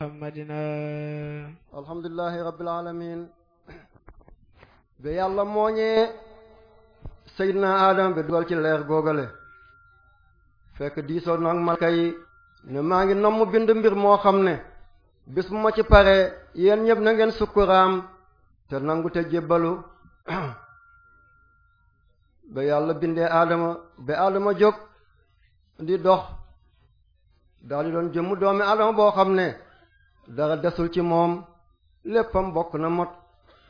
muhammadina alhamdulillahi rabbil alamin ba yàlla mooñee seydina adam bi dugal ci leer googale fekk diisoo nag malka ne maa ngi namm bind mbir moo xam ne bis bu ma ci pare yéen ñëpp na ngeen sukkuraam te nangu te jébbalu ba yàlla bindee aadama ba aadama jóg di dox daal di doon jëmmu doomi aadama boo xam ne dara desul ci moom léppam bokk na mot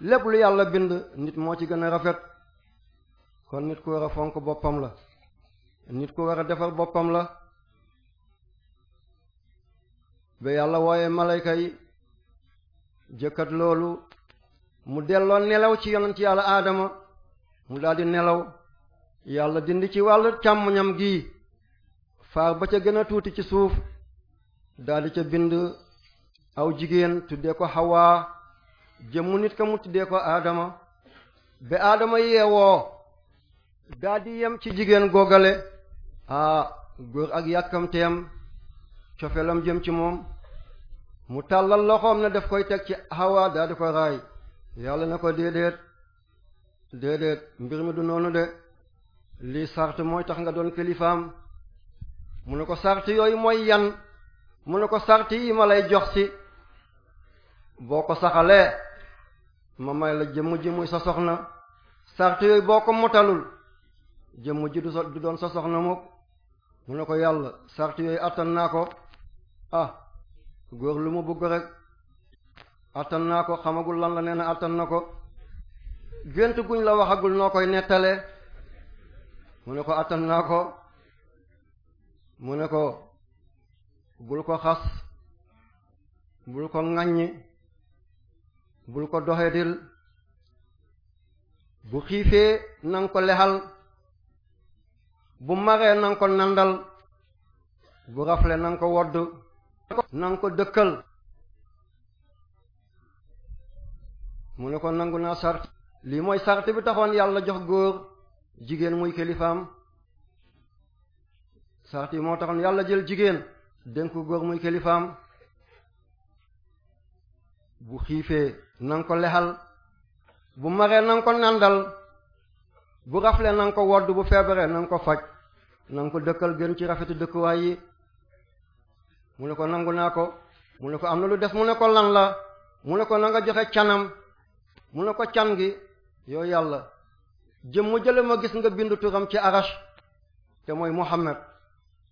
lépp lu yàlla bind nit moo ci gën a rafet kon nit ku war a fonk boppam la nit ku war a defar boppam la ba yàlla wooye malayka yi jëkkat loolu mu delloo nelaw ci yonent yàlla aadama mu daldi nelaw yàlla dindi ci wàll càmmuñam gi faar ba ca gën a tuuti ci suuf daldi ca bind aw jigéen tuddee ko Hawa jëmmu nit ka mu tuddee ko aadama ba aadama yeewoo daa yem ci jigéen googale ah góor ak yàkkamteem cofeelam jëm ci moom mu tàllal loxoom ne daf koy teg ci Hawa daa di ko raay yàlla na ko déedéet déedéet mbir mi du noonu de lii sart mooy tax nga doon kilifaam mu ne ko sart yooyu mooy yan mu ne ko sart yi ma lay jox si boo ko saxalee ma may la jëmm ji muy sa soxna sart yooyu boo ko motalul jëmm ji du so du doon sa soxna moom mu ne ko yàlla sart yooyu attan naa ko ah góor lu mu bëgg rek attan naa ko xamagul lan la nee na àttan na ko gént guñ la waxagul noo koy nettalee mu ne ko àttan naa ko mu ne ko bul ko xas bul ko ŋaññi bul ko doxedil bu xiifee nanga ko lexal bu maree nanga ko nandal bu rafle nanga ko wodd nanga ko dëkkal mu ne ko nangu naa sart lii mooy sart bi taxoon yàlla jox góor jigéen muy kilifaam sart moo taxoon yàlla jël jigéen dénk góor muy kilifam bu xiifee na nga ko lexal bu maree na nga ko nandal bu rafle na nga ko wodd bu feebaree na nga ko faj na ko dëkkal gën ci rafetu dëkkuwaay yi mu ne ko nangu naa ko mu ne ko am na lu des mu ne ko lan la mu ne ko na nga joxe canam mu ne ko can gi yow yàlla jëm mu jële ma gis nga bindu turam ci arash te mooy muhammad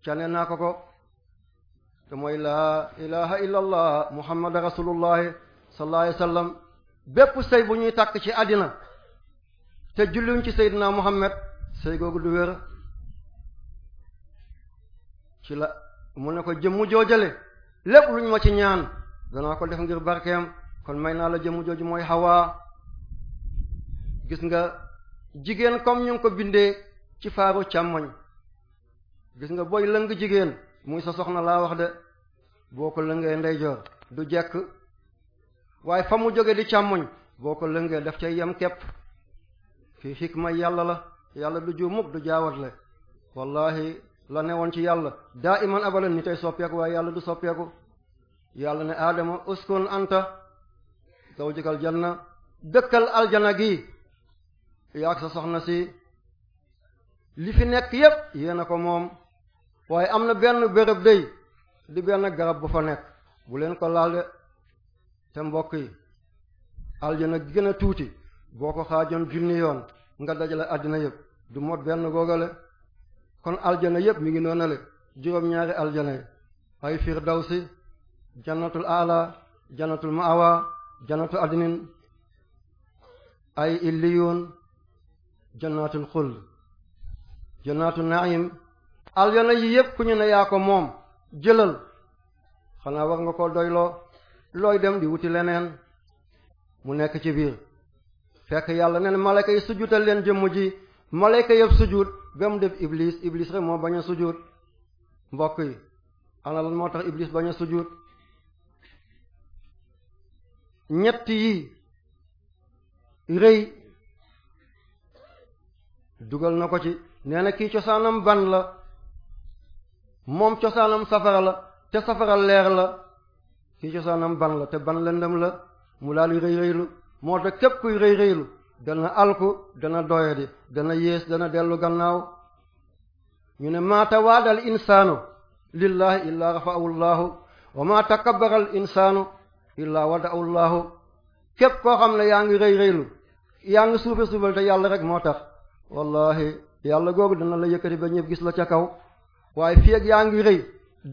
cane naa ko ko te mooy laa ilaha illa allah muhammad rasulullahi sallallahu alayhi wasallam bépp sëy bu ñuy takk ci àddina te julliwuñ ci seydina muhammad sëy googu du wér ci la mu ne ko jëmmu joojale lépp luñ ma ci ñaan danaa ko def ngir barkeem kon may naa la jëmmu jooju mooy Hawa gis nga jigéen comme ñu ngi ko bindee ci faaru càmmoñ gis nga booy lëng jigéen muy sa soxna laa wax de boo ko lëngee ndeyjoor du jekk waaye fa mu jóge di càmmoñ boo ko lëngee def cay yem kepp fii xikma yàlla la yàlla du ju mukk du jaawatle wallahi la newoon ci yàlla daa iman abalan ni tey soppeeku waaye yàlla du soppeeku yàlla ne aadama uskun anta zawjikal janna dëkkal aljana gi yaag sa soxna si li fi nekk yépp yéena ko moom waaye am na benn béréb day di benn garab bu fa nekk bu leen ko laal te mbokk yi aljana gën a tuuti boo ko xaajoon junni yoon nga dajale àddina yëpp du mot benn googale kon aljana yëpp mi ngi noonale juróom-ñaari aljana yi ay firdawsi jannatul ala jannatul maawa janatu adnin ay illiyun jannatul xuld jannatu naim aljana yi yëpp ku ñu ne yaa ko moom jëlal xanaa war nga ko doyloo looy dem di wuti leneen mu nekk ci biir fekk yàlla neen malayka yi sujjutal leen jëmm ji malayka yëpp sujjut ba mu def iblis iblis rek moo bañ a mbokk yi ana lan moo tax iblis bañ a ñetti yi rëy dugal na ko ci nee na kii cosaanam ban la moom cosaanam safara la te safara leer la kii cosaanam ban la te ban lëndëm la mu laal rëy rëylu moo tax képp kuy rëy rëylu dana alku dana doyadi dana yées dana dellu gannaaw ñu ne maa tawaada al insaanu lillahi illaa rafa'ahu llaahu wa maa takabbara insaanu illaa wada'ahu képp koo xam ne yaa ngi rëy rëylu yaa ngi suufe suufal te yàlla rek moo tax wallahi yàlla googu dana la yëkkati ba ñëpp gis la ca kaw waaye fii ak yaa ngi rëy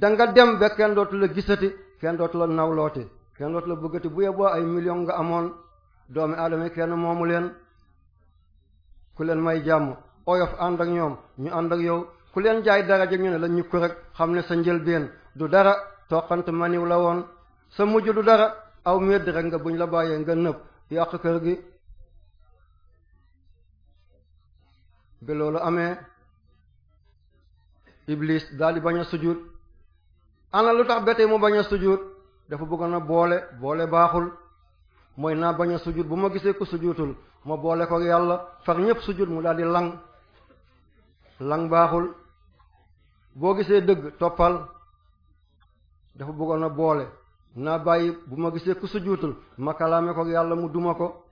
danga dem ba kenn gisati kenn dootu la nawloote kenn dootu la bëggati bu yeboo ay million nga amoon doomi aadama yi kenn moomu leen ku leen may jàmm oyof ànd ak ñoom ñu ànd ak yow ku leen jaay daraja ñu ne la ñukku rek xam ne sa njëlbeen du dara toqant maniw la woon sa mujj du dara aw medd rek nga buñ la bàyyee nga nëb yàq kër gi bi loolu amee iblis daal di bañ a sujud ana lu tax ba tey mu bañ a sujud dafa bëggoon a boole boole baaxul mooy naa bañ a sujud bu ma gisee ku sujutul ma boole ko yàlla far ñëpp sujud mu daal di lang lang baaxul boo gisee dëgg toppal dafa bëggoon a boole naa bàyyi bu ma gisee ku sujutul ma kalaame ko yàlla mu duma ko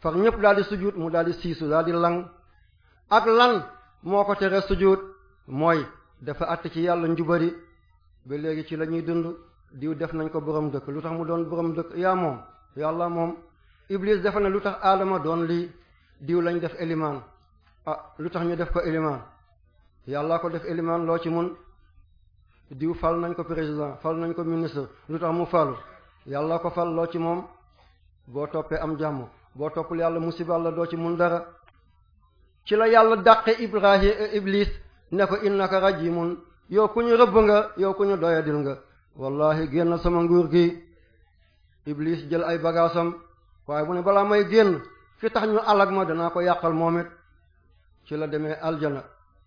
far ñëpp daal di mu daal di siisu daal di lang ak lan moo ko tere sujud mooy dafa àtt ci yàlla njubari ba léegi ci la ñuy dund diw def nañ ko borom dëkk lu tax mu doon borom dëkk yaa moom yàlla moom iblis dafa ne lu tax aadama doon lii diw lañ def élimaan a ah, lu tax ñu def ko élimaan yàllaa ko def élimaan loo ci mun diw fal nañ ko président fal nañ ko ministre lu tax mu falu yàllaa ko fal loo ci moom boo toppee am jàmm boo toppul yàlla musibal la doo ci mun dara ci la yàlla dàqe ibrahim ne ko innaka rajimun yow ku ñu rëbb nga yow ku ñu doyadil nga wallahi génn sama nguur gi iblis jël ay bagaasam waaye bu ne balaa may génn fi tax ñu alag ma danaa ko yàqal moom it ci la demee aljana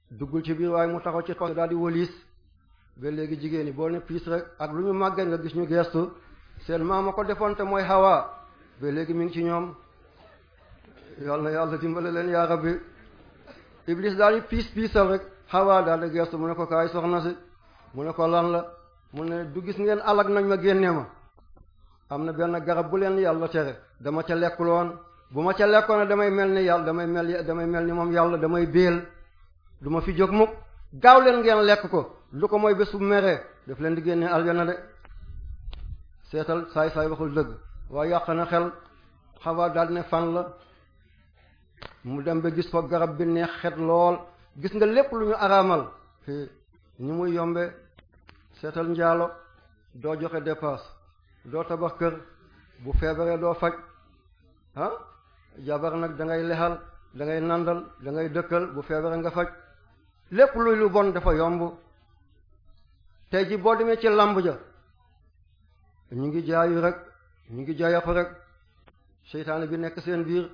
duggul ci biir waaye mu taxaw ci toog daal di wëliis ba léegi jigéen ñi boo ne piis rek ak lu ñu màgget nga gis ñu gestu seen maama ko defoon mooy Hawa ba léegi mi ngi ci ñoom yàlla yàlla dimbale leen yaa bi iblis daal di piis piisal rek xawaa daal di mu ne ko kaay soxna si mu ne ko lan la mu ne du gis ngeen alag nañ ma génnee ma am na benn garab bu leen yàlla tere dama ca lekkul woon bu ma ca lekkoon damay mel ni yàlla damay mel damay mel ni moom yàlla damay béel du ma fi jóg mukk gaaw leen ngeen lekk ko lu ko mooy bés bu meree daf leen di génne aljana de seetal saay saay waxul dëgg waa yàq na xel xawaa daal ne fan la mu dem ba gis fa garab bi neex xet lool gis nga lépp lu ñu araamal ñu muy yombe seetal njaalo doo joxe dépasse doo tabax kër bu feebaree doo faj ah jabar nag dangay ngay lexal da ngay nandal da ngay dëkkal bu feebaree nga faj lépp luy lu bon dafa yomb tey ji boo demee ci làmb ja ñu ngi jaayu rek ñu ngi jaayaxu rek seytaane bi nekk seen biir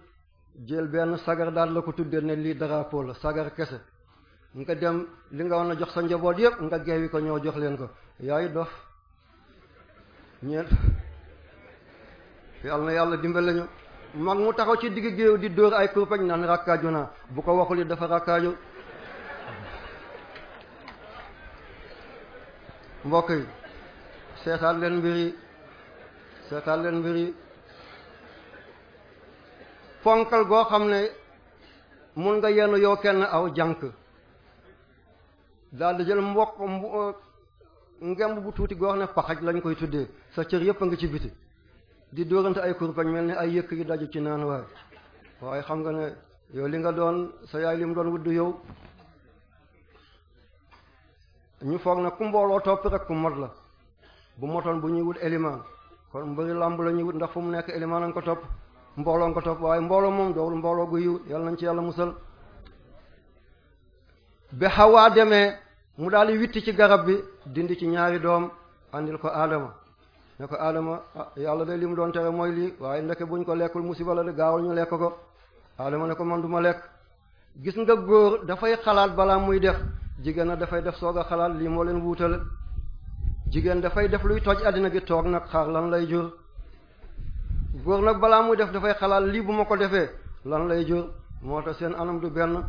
jël benn sagar daal la ko tuddee ne lii drapeau la sagar kese nga dem li nga war a jox sa njaboot yëpp nga geewi ko ñoo jox leen ko yaay dof ñeent yàlla na yàlla dimbale lañu mag mu taxaw ci digg géew di dóor ay kurpeñ naan rakkaaju naa bu ko waxul yi dafa rakkaaju mbokk yi seetaan leen mbir yi seetaan leen mbir yi fonkal goo xam ne mun nga yenn yow kenn aw jànk daal di jël mbokk ngemb bu tuuti goo xam ne paxaj lañ koy tuddee sa cër yëpp a ngi ci biti di dóorante ay kurpañ mel ni ay yëkk yu daju ci naan waaye waaye xam nga ne yow li nga doon sa yaay li mu doon wudd yow ñu foog na ku mbooloo topp rek ku mot la bu motoon bu ñuy wut élément kon mbëri làmb la ñuy wut ndax fu mu nekk élément lañ ko topp mbooloo nga ko topp waaye mbooloo moom doowul mbooloo gu yiw yàlla nañ ci yàlla musal ba Hawa demee mu daal di witti ci garab bi dindi ci ñaari doom àndil ko Adama ne ko Adama ah, yàlla day li mu doon tere mooy lii waaye ndeke buñ ko lekkul musiba la de gaawal ñu lekk ko Adama ne ko man du ma lekk gis nga góor dafay xalaat balaa muy def jigéen na dafay def soog a xalaat lii moo leen wuutal jigéen dafay def luy toj àddina gi toog nag xaar lan lay ju góor nag balaa muy def dafay xalaat lii bu ma ko defee lan lay jur moo tax seen anam du benn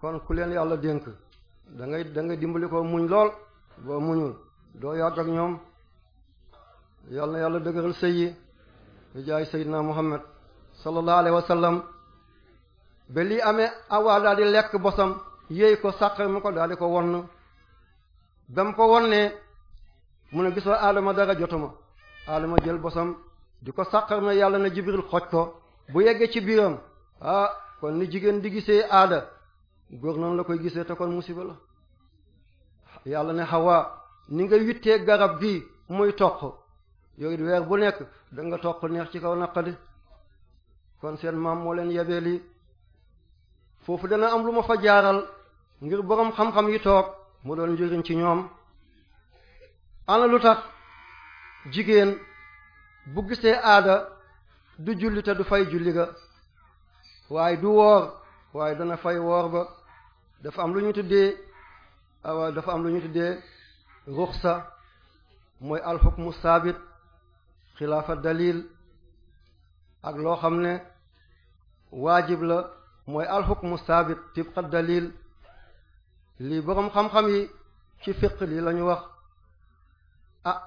kon ku leen yàlla dénk da ngay dimbali ko muñ lool boo muñul doo yàgg ñoom yàlla na yàlla dëgëral sëy yi di jaay sayyidina Muhammad sallallahu alayhi wa sallam ba lii amee awaa daal di lekk bosam yéey ko sàq mu ko daal di ko won ba mu ko wonnee mu ne gisoo Adama dara jotuma Adama jël bosam di ko sàqar na yàlla na jibril xoj ko bu yeggee ci biiram ah kon ni jigéen di gisee aada góor noonu la koy gisee te kon musiba la yàlla ne xawa ni nga wittee garab gi muy toq yooyu weer bu nekk da nga toq neex ci kaw naqadi kon seen maam moo leen yebee lii foofu dana am lu ma fa jaaral ngir boroom xam-xam yi toog mu doon njëriñ ci ñoom ana lu tax jigéen bu gisee aada du julli te du fay julli ga waaye du woor waaye dana fay woor ba dafa am lu ñu tuddee ah, awa dafa am lu ñu mooy alxukmu saabit xilaafa dalil ak loo xam ne waajib la mooy alxukmu saabit tibqa dalil lii boroom xam-xam yi ci fiq lii la ñu wax ah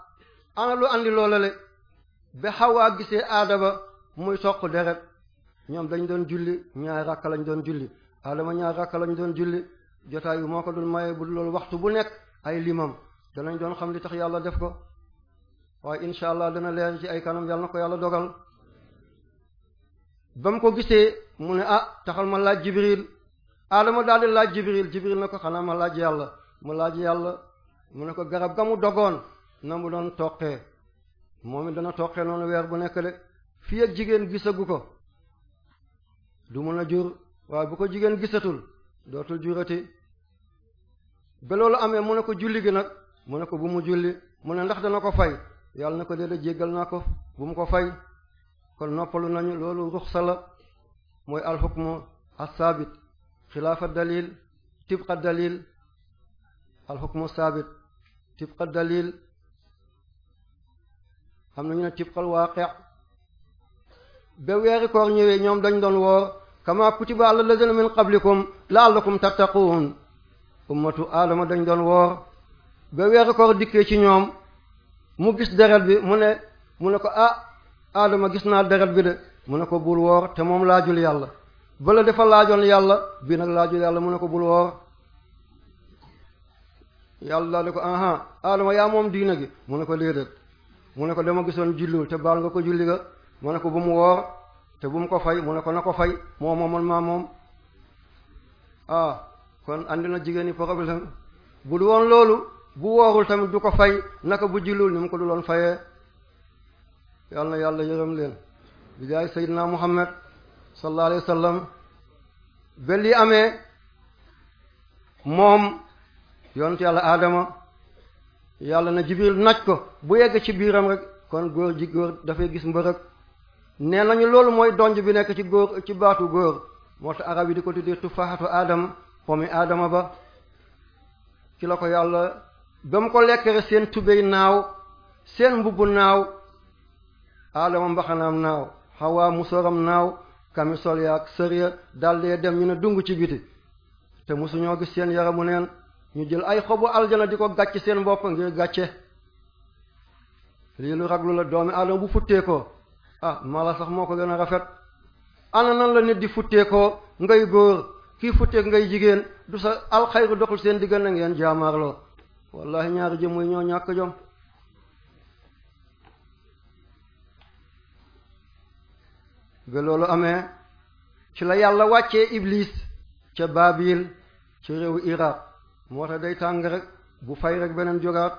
ana lu andi loolale ba xawaa gisee aadama muy soq deret ñoom dañ doon julli ñaar rakka lañ doon julli aadama ñaar rakka lañ doon julli jotaay bi moo ko dul maye bu loolu waxtu bu nekk ay limam danañ doon xam li yàlla def ko waaye incha allah dana leer ci ay kanam yàlla na ko yàlla dogal ko gisee mu ne ah taxal ma laaj jibril aadama daal di laaj jibril jibril na ko xanaa ma laaj yàlla mu laaj yàlla mu ne ko garab ga mu dogoon na mu doon toqee moom it dana toqee noonu weer bu nekk de fii jigéen gisagu ko du mun a jur waaye bu ko jigéen gisatul dootul jurati ba loolu amee mu ne ko julli gi nag mu ne ko bu mu julli mu ne ndax dana ko fay yàlla na ko dee de jéggal naa ko bu mu ko fay kon noppalu nañu loolu ruxsa la mooy alxukmu assaabit xilaafa dalil tibqa dalil alxukmu saabit tibqa dalil xam nañu ne tibxal waaqi' ba weeri koor ñëwee ñoom dañ doon woor kama kutiba ala lazina min qablikum la'allakum tattaquun ummatu aadama dañ doon woor ba weeri dikkee ci ñoom mu gis deret bi mu ne mu ne ko ah adama gis naa deret bi de mu ne ko bul woor te moom laa jul yàlla bala dafa laajoon yàlla bii nag laa laajul yàlla mu ne ko bul woor yàlla daal ko aha aadama yaa moom diina gi mu ne ko déedéet mu ne ko dama gisoon julliwul te baal nga ko julli ga mu ne ko bu mu woor te bu mu ko fay mu ne ko na ko fay moo moomoon maa moom ah kon andi na jigéen ñi problème bu du woon loolu bu woorul tamit du ko fay naka bu julliwul ni mu ko du loon fayee yàlla na yàlla yërëm leen bi jaay Seydina Muhammad sallallahu alayhi wasallam ba lii amee moom yoon yonent yàlla aadama yàlla na jibril naj ko bu yegg ci biiram rek kon góor ji góor dafay gis mbërëg ne nañu loolu mooy donj bi nekk ci góor ci baatu góor moo tax arab yi di ko tuddee tufaxatu aadam pomi aadama ba kilo ko yàlla ba mu ko lekkere seen tubéy naaw seen mbubbu naaw aadama mbaxanaam naaw xawaa musóoram naaw kamisol yaak sëria dallee dem ñu ne dung ci biti te mosuñoo gis seen yaramu neen ñu jël ay xobu aljana di ko gàcc seen bopp ngir gàcce lii lu raglu la doomi aadama bu futteekoo ah mala sax moo ko gën a rafet ana nan la nit di futteekoo ngay góor kii futteek ngay jigéen du sa alxayru doxul seen diggante ngeen jaamaarloo wallahi ñaari jëm muy ñoo ñàkk jom ba loolu amee ci la yàlla wàccee iblis ca babil ci réewu iraq moo tax day tàng rek bu fay rek beneen jógaat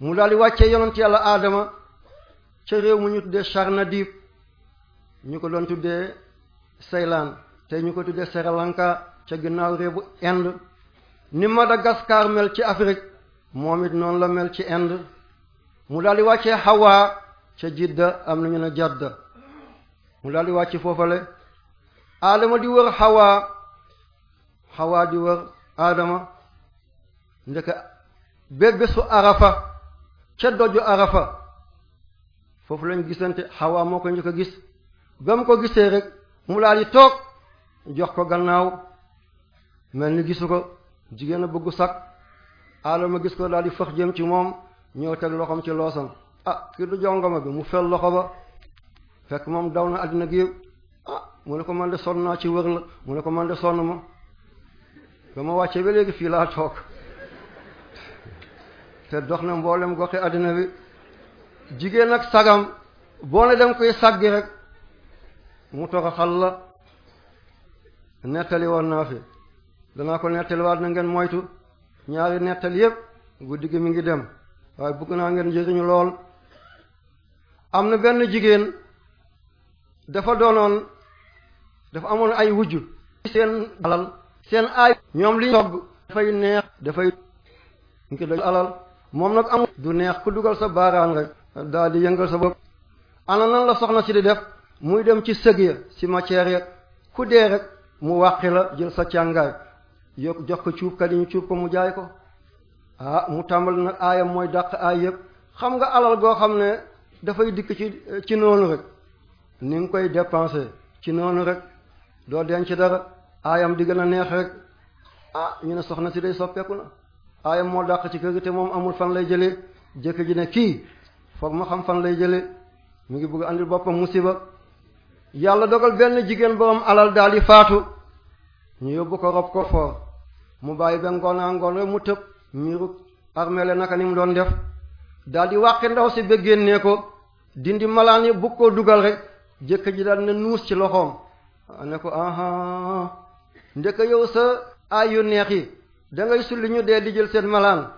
mu daal di wàccee yonent yàlla aadama ca réew mu ñu tuddee Charnadib ñu ko doon tuddee Ceylan te ñu ko tuddee Sri Lanka ca ginnaaw réew bu Inde ni Madagascar mel ci Afrique moom it noonu la mel ci Inde mu daal di wàccee Hawa ca Jidda am nañu ne Jadda mu daal di foofale aadama di wër Hawa xawaa di wër aadama ndeke ba bésu arafa ca doju arafa foofu lañ gisante xawaa moo ko njëkk a gis ba mu ko gisee rek mu laal di toog jox ko gannaaw mel ni gisu ko jigéen a bëggu sax aadama gis ko daal di fëx jëm ci moom ñëw teg loxoom ci loosam ah kii du jongoma bi mu fel loxo ba fekk moom daw na àddina gi ah mu ne ko man de sonn naa ci wër la mu ne ko man de sonn ma ba ma wàccee ba léegi fii laa toog te dox na mboolem goxe àddina bi jigéen ak sagam boo ne dem koy saggi rek mu toroxal la nettali woon naa fi danaa ko nettaliwaat na ngeen moytu ñaari nettali yépp guddi gi mi ngi dem waaye bëgg naa ngeen jëriñu lool am na benn jigéen dafa doonoon dafa amoon ay wujj seen alal seen aay ñoom li togg dafay neex dafay ñu ko def alal moom nag amul du neex ku dugal sa baaraan rek daal di yëngal sa bopp ana nan la soxna si di def muy dem ci sëg ya si matière ya ku dee rek mu wàqi la jël sa càngaay yokk jox ko cuubkat yi ñu cuub ko mu jaay ko ah mu tàmbali nag aayam mooy dàq aay yëpp xam nga alal goo xam ne dafay dikk ci ci noonu rek ni nga koy dépenser ci noonu rek doo denc dara aayam di gën a neex rek ah ñu ne soxna si day soppeeku na aayam moo dàq ci kër gi te moom amul fan lay jëlee jëkk ji ne kii foog ma xam fan lay jëlee mu ngi bugg andil boppam musiba yàlla dogal benn jigéen borom alal daal di faatu ñu yóbbu ko rob ko foor mu bàyyi ba ngoonaa ngoon rek mu tëb miiru armele naka ni mu doon def daal di wàqi ndaw si ba génnee ko dindi malaan yi bu koo dugal rek jëkk ji daal ne nuus ci loxoom ne ko aha ndek yow sa ay yu neex yi da ngay sulli ñu dee di jël seen malaan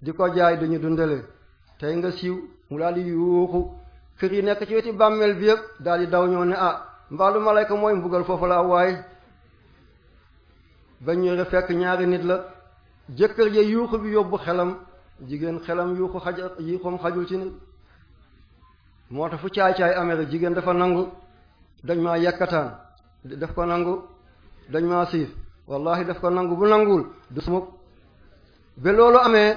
di ko jaay dañu dundale tey nga siiw mu daal di yuuxu kër yi nekk ci weti bàmmeel bi yëpp daal di daw ñoo ne ah mbaalu malayka mooy mbugal foofu la waaye ba ñëwee fekk ñaari nit la jëkkër ja yuuxu bi yóbbu xelam jigéen xelam yuuxu xaj yuuxum xajul ci nit moo tax fu caay-caay amee jigéen dafa nangu dañ maa yekkataan daf ko nangu dañ maa siif wallahi daf ko nangu bu nanguwul du sumuk ba loolu amee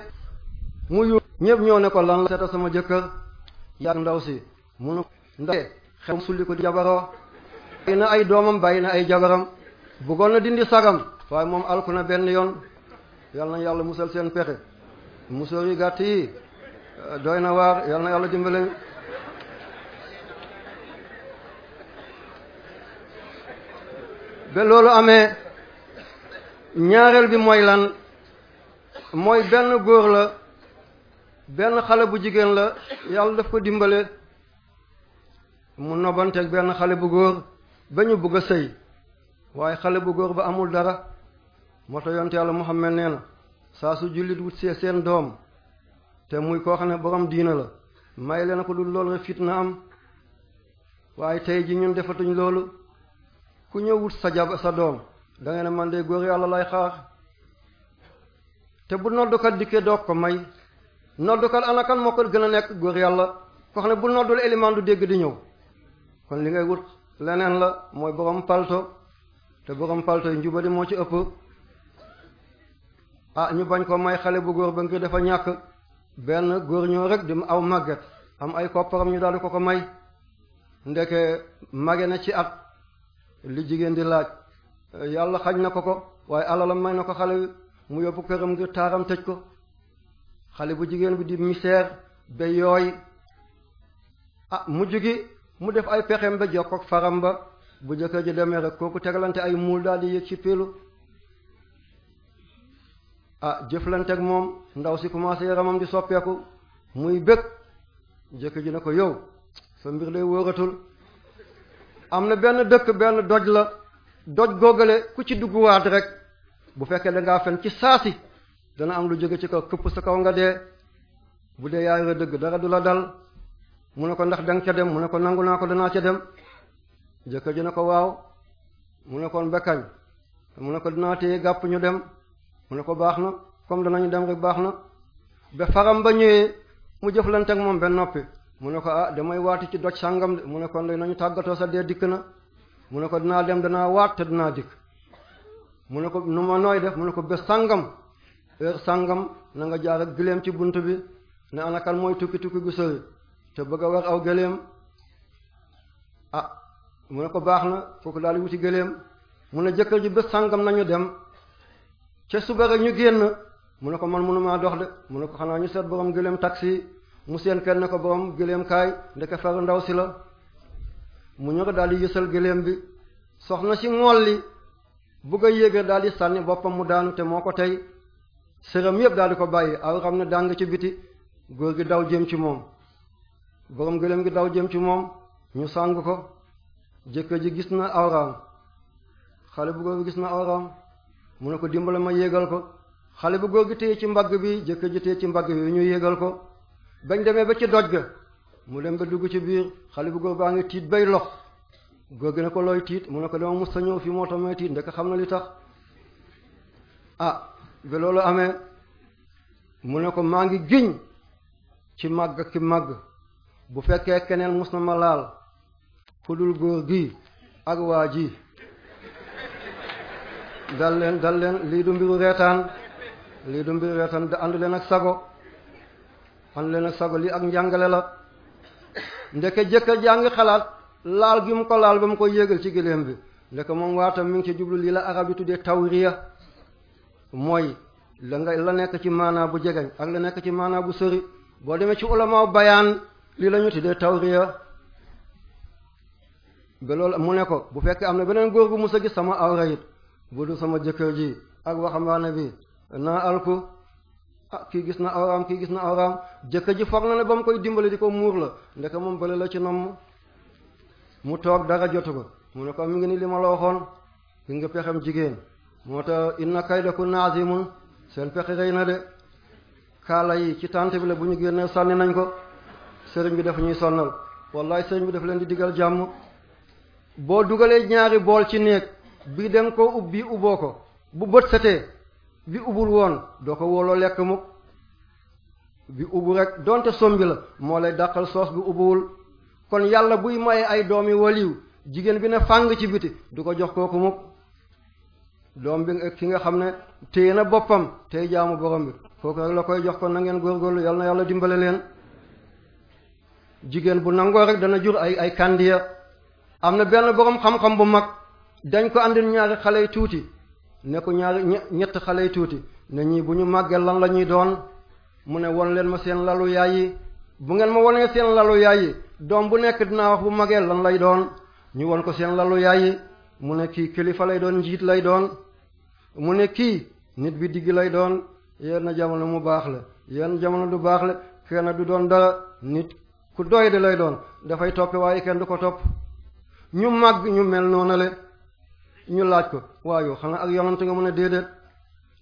mu yu ñëpp ñoo ne ko lan la seeta sama jëkkër yàgg ndaw si munu ndaxee xew sulli ko di jabaroo bàyyi na ay doomam bàyyi na ay jabaram bëggoon na dindi sagam waaye moom alku na benn yoon yal na yàlla musal seen pexe musóor yu gàtt yi doy na waar yal na yàlla dimbale ba loolu amee ñaareel bi mooy lan mooy benn góor la benn xale bu jigéen la yàlla daf ko dimbale mu nobanteeg benn xale bu góor ba ñu bëgg a sëy waaye xale bu góor ba amul dara moo tax yonte yàlla Muhammad nee na saa su jullit wut seen doom te muy koo xam ne borom diina la may leen ko du loolu rek fitna am waaye tey ji ñun defatuñ loolu ku wut sa jab sa doom da nga man de góor yàlla lay xaar te bu noddukat dikkee doo ko may noddukat anakan moo ko gën a nekk góor yàlla ko xam ne bu noddul élimaan du dégg di ñëw kon li ngay wut leneen la mooy boroom palto te borom palto yi njubadi moo ci ëpp ah ñu bañ ko may xale bu góor ba nga dafa ñàkk benn góor ñoo rek di aw màgget am ay kopparam ñu daal di ko ko may ndeke mage na ci at li jigéen di laaj yàlla xañ na ko ko waaye alalam may na ko xale wi mu yóbbu këram ngir taaram tëj ko xale bu jigéen bi di misère ba yooy ah mu gi mu def ay pexem ba jokkoog faram ba bu jëkkër ji demee rek kooku tegalante ay muul daal di yëg ci pilu ah jëflanteeg moom ndaw si commencé yaramam di soppeeku muy bëgg jëkkër ji ko yow sa mbir lay wóoratul am na benn dëkk benn doj la doj googale ku ci dugg dugguwaat rek bu fekkee da ngaa fen ci saasi dana am lu jóge ci kaw këpp sa kaw nga dee bu dee yaay ra dëgg dara du la dal mu ne ko ndax danga ca dem mu ne ko naa ko danaa ca dem jëkkër ji ne ko waaw mu ne kon bekkañ mu ne ko dinaa gàpp ñu dem mu ne ko baax na comme danañu dem rek baax na ba faram ba ñëwee mu jëflante ak moom benn noppi mu ne ko ah damay waati ci doj sàngam de mu ne kon de nañu tàggatoo sa dee dikk na mu ne ko danaa dem danaa waat te dinaa dikk mu ne ko nu ma nooy def mu ne ko bés sàngam heure sàngam na nga jaar ak gëléem ci bunt bi ne anakan mooy tukki tukki gu sori te bëgg a war aw gëléem ah mu ne ko baax na kooku daal wuti gëléem mu ne jëkkër ji bés sàngam nañu dem ca suba rek ñu génn mu ne ko man mënumaa dox de mu ne ko xanaa ñu seet borom gëléem taxi mu seen kenn ko borom gëléem kaay ndeke faru ndaw si la mu ñëw daal di yësal gëléem bi soxna si molli bugg a yéega daal di sànni boppam mu daanu te moo ko tey sëram yëpp daal di ko bàyyi aw xam ne dàng ci biti góor gi daw jëm ci moom borom gëléem gi daw jëm ci moom ñu sàng ko jëkkër ji gis na awraam xale bu góor gi gis na awraam mu ne ko dimbale ma yéegal ko xale bu góor gi téye ci mbagg bi jëkkër ji téye ci mbagg bi ñu yéegal ko bañ demee ba ci doj ga mu dem ba dugg ci biir xale bu góor baa ngi tiit bay lox góor gi ne ko looy tiit mu ne ko dama mus a ñëw fii moo tax may tiit ndek xam na li tax ah ba loolu amee mu ne ko maa ngi giñ ci màgg ki màgg bu fekkee keneen mus na ma laal ku dul góor gi ak waa ji dal leen dal leen lii du mbiru reetaan lii du mbiru reetaan da ànd leen ak sago man leen sago lii ak njàngale la ndeke jëkka jàng xalaat laal gi mu ko laal ba mu ko yéegal ci gëléem bi ndeke moom waata mi ngi ci jublu lii la arab yi tuddee tawriya mooy la la nekk ci maanaa bu jegeñ ak la nekk ci maanaa bu sëri boo demee ci ulama bayaan lii la ñu tuddee tawriya ba loolu mu ne ko bu fekkee am na beneen góor mu musa gis sama awra it bu du sama jëkkër ji ak waxambaane bi naa alku ah kii gis na awraam kii gis na awraam jëkkër ji foog na ne ba mu koy dimbali di ko muur la ndeke moom bële la ci nam mu toog dara jotu ko mu ne ko mu ngi ni li ma la waxoon ki nga pexem jigéen moo tax inna yi naazimun seen pexe rëy na de kaala yi ci tànt bi la bu ñu génn sànni nañ ko sëriñ bi dafa ñuy sonnal wallaay sëriñ bi daf leen di digal jàmm boo dugalee ñaari bool ci néeg bi danga ko ubbi ubboo ko bu bët setee bi ubul woon doo ko wóoloo lekk mukk bi ubu rek donte sombi la moo lay dàqal soos bi ubuwul kon yàlla buy maye ay doomi waliw jigéen bi ne fàng ci biti du ko jox kooku mukk doom bi ki nga xam ne téye na boppam tey jaamu borom bi kooku rek la koy jox kon na ngeen góorgóorlu yal na yàlla dimbale leen jigéen bu nangoo rek dana jur ay ay kandiya am na benn boroom xam-xam bu mag dañ ko àndil ñaari xale yu tuuti ne ko ñaari ñett xale yi tuuti ne ñii bu ñu màggee lan la ñuy doon mu ne won leen ma seen lalu yaay yi bu ngeen ma wonee seen lalu yaay yi doom bu nekk dinaa wax bu màggee lan lay doon ñu won ko seen lalu yaay yi mu ne kii kilifa lay doon njiit lay doon mu ne kii nit bi digg lay doon yenn jamono mu baax la yenn jamono du baax la kenn du doon dara nit ku doy de lay doon dafay toppe waaye kenn du ko topp ñu màgg ñu mel noonale ñu laaj ko waaye xanaa ak yonante nga mën a déedéet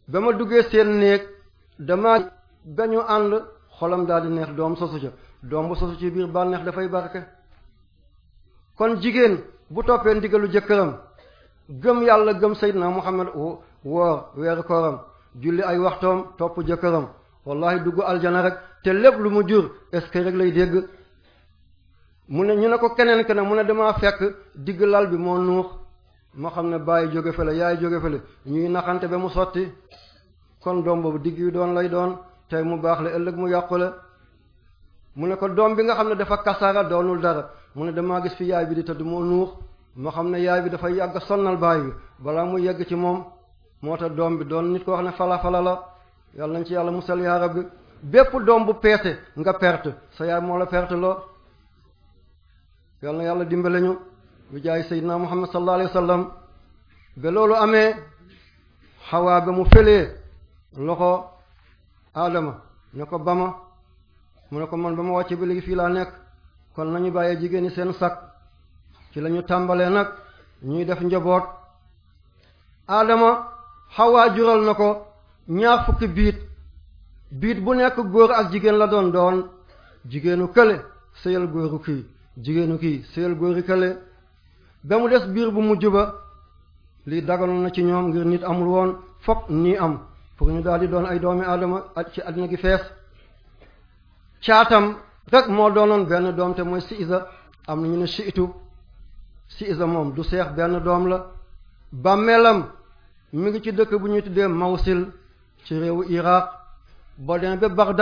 ba ma duggee seen néeg dama ba ñu ànd xolam daal di neex doom sosu ca doom bu sosu ci biir bànneex dafay barke kon jigéen bu toppee ndigalu jëkkëram gëm yàlla gëm seyt Seydina Muhammad woor weeru kooram julli ay waxtoom topp jëkkëram wallahi dugg aljana rek te lépp lu mu jur est rek lay dégg mu ne ñu ne ko keneen ke ne mu ne damaa fekk digg lal bi moo nuux moo xam ne bàyyi jóge fële yaay jóge fële ñuy naxante ba mu sotti kon doom boobu digg yu doon lay doon tey mu baax la ëllëg mu yokkule mu ne ko doom bi nga xam ne dafa kasara doonul dara mu ne damaa gis fi yaay bi di tëdd moo nuux moo xam ne yaay dafa yàgg sonnal baay bi balaa mu yegg ci moom moo tax doom bi doon nit ko wax ne fala fala la yàlla nañ ci yàlla musal yaa bi bépp doom bu peete nga perte sa yaay moo la perte loo yàlla yàlla dimbale ñu bi jaay seydinaa muhammad sallallahu alayhi wa sallam ba loolu amee xawaa ba mu felee loxo aadama ne ko ba mu ne ko man ba ma wàcce ba léegi fii laa nekk kon nañu bàyyee jigéen ñi seen sakk ci lañu tàmbalee nag ñuy def njaboot aadama xawaa jural na ko ñaar fukki biit biit bu nekk góor ak jigéen la doon doon jigéenu kële sëyal góoru kii jigéenu kii sëyal góoru kële ba mu des biir bu mujj ba lii dagaloon na ci ñoom ngir nit amul woon fokk nii am pour ñu daal di doon ay doomi aadama ci àddina gi fees caatam rek moo doonoon benn doom te mooy siisa isa am na ñu ne siitu si moom du seex benn doom la bàmmeelam mu ngi ci dëkk bu ñu tuddee mawsil ci réewu iraq boo demee ba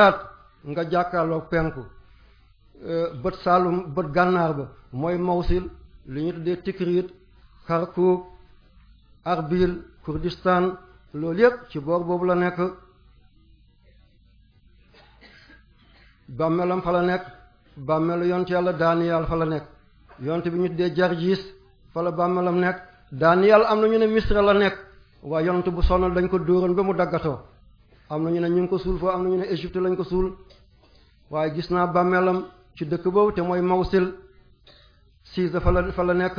nga jàkkaarloog penku euh, bët saalum bët gànnaar ba mooy mawsil li ñu tuddee Tikrit Kharkouk Arbil Kurdistan loolu yëpp ci boor boobu la nekk bàmmeelam fa la nekk bàmmeelu yonte yàlla Daniel fa la nekk yonte bi ñu tuddee Jarjis fa la bàmmeelam nekk Daniel am na ñu ne Misra la nekk waaye yont bu sonal dañ ko dóoroon ba mu daggatoo am na ñu ne ñu ngi ko suul foo am na ñu ne Égypte lañ ko suul waaye gis naa bàmmeelam ci dëkk boobu te mooy Mawsil siis dafa la fa la nekk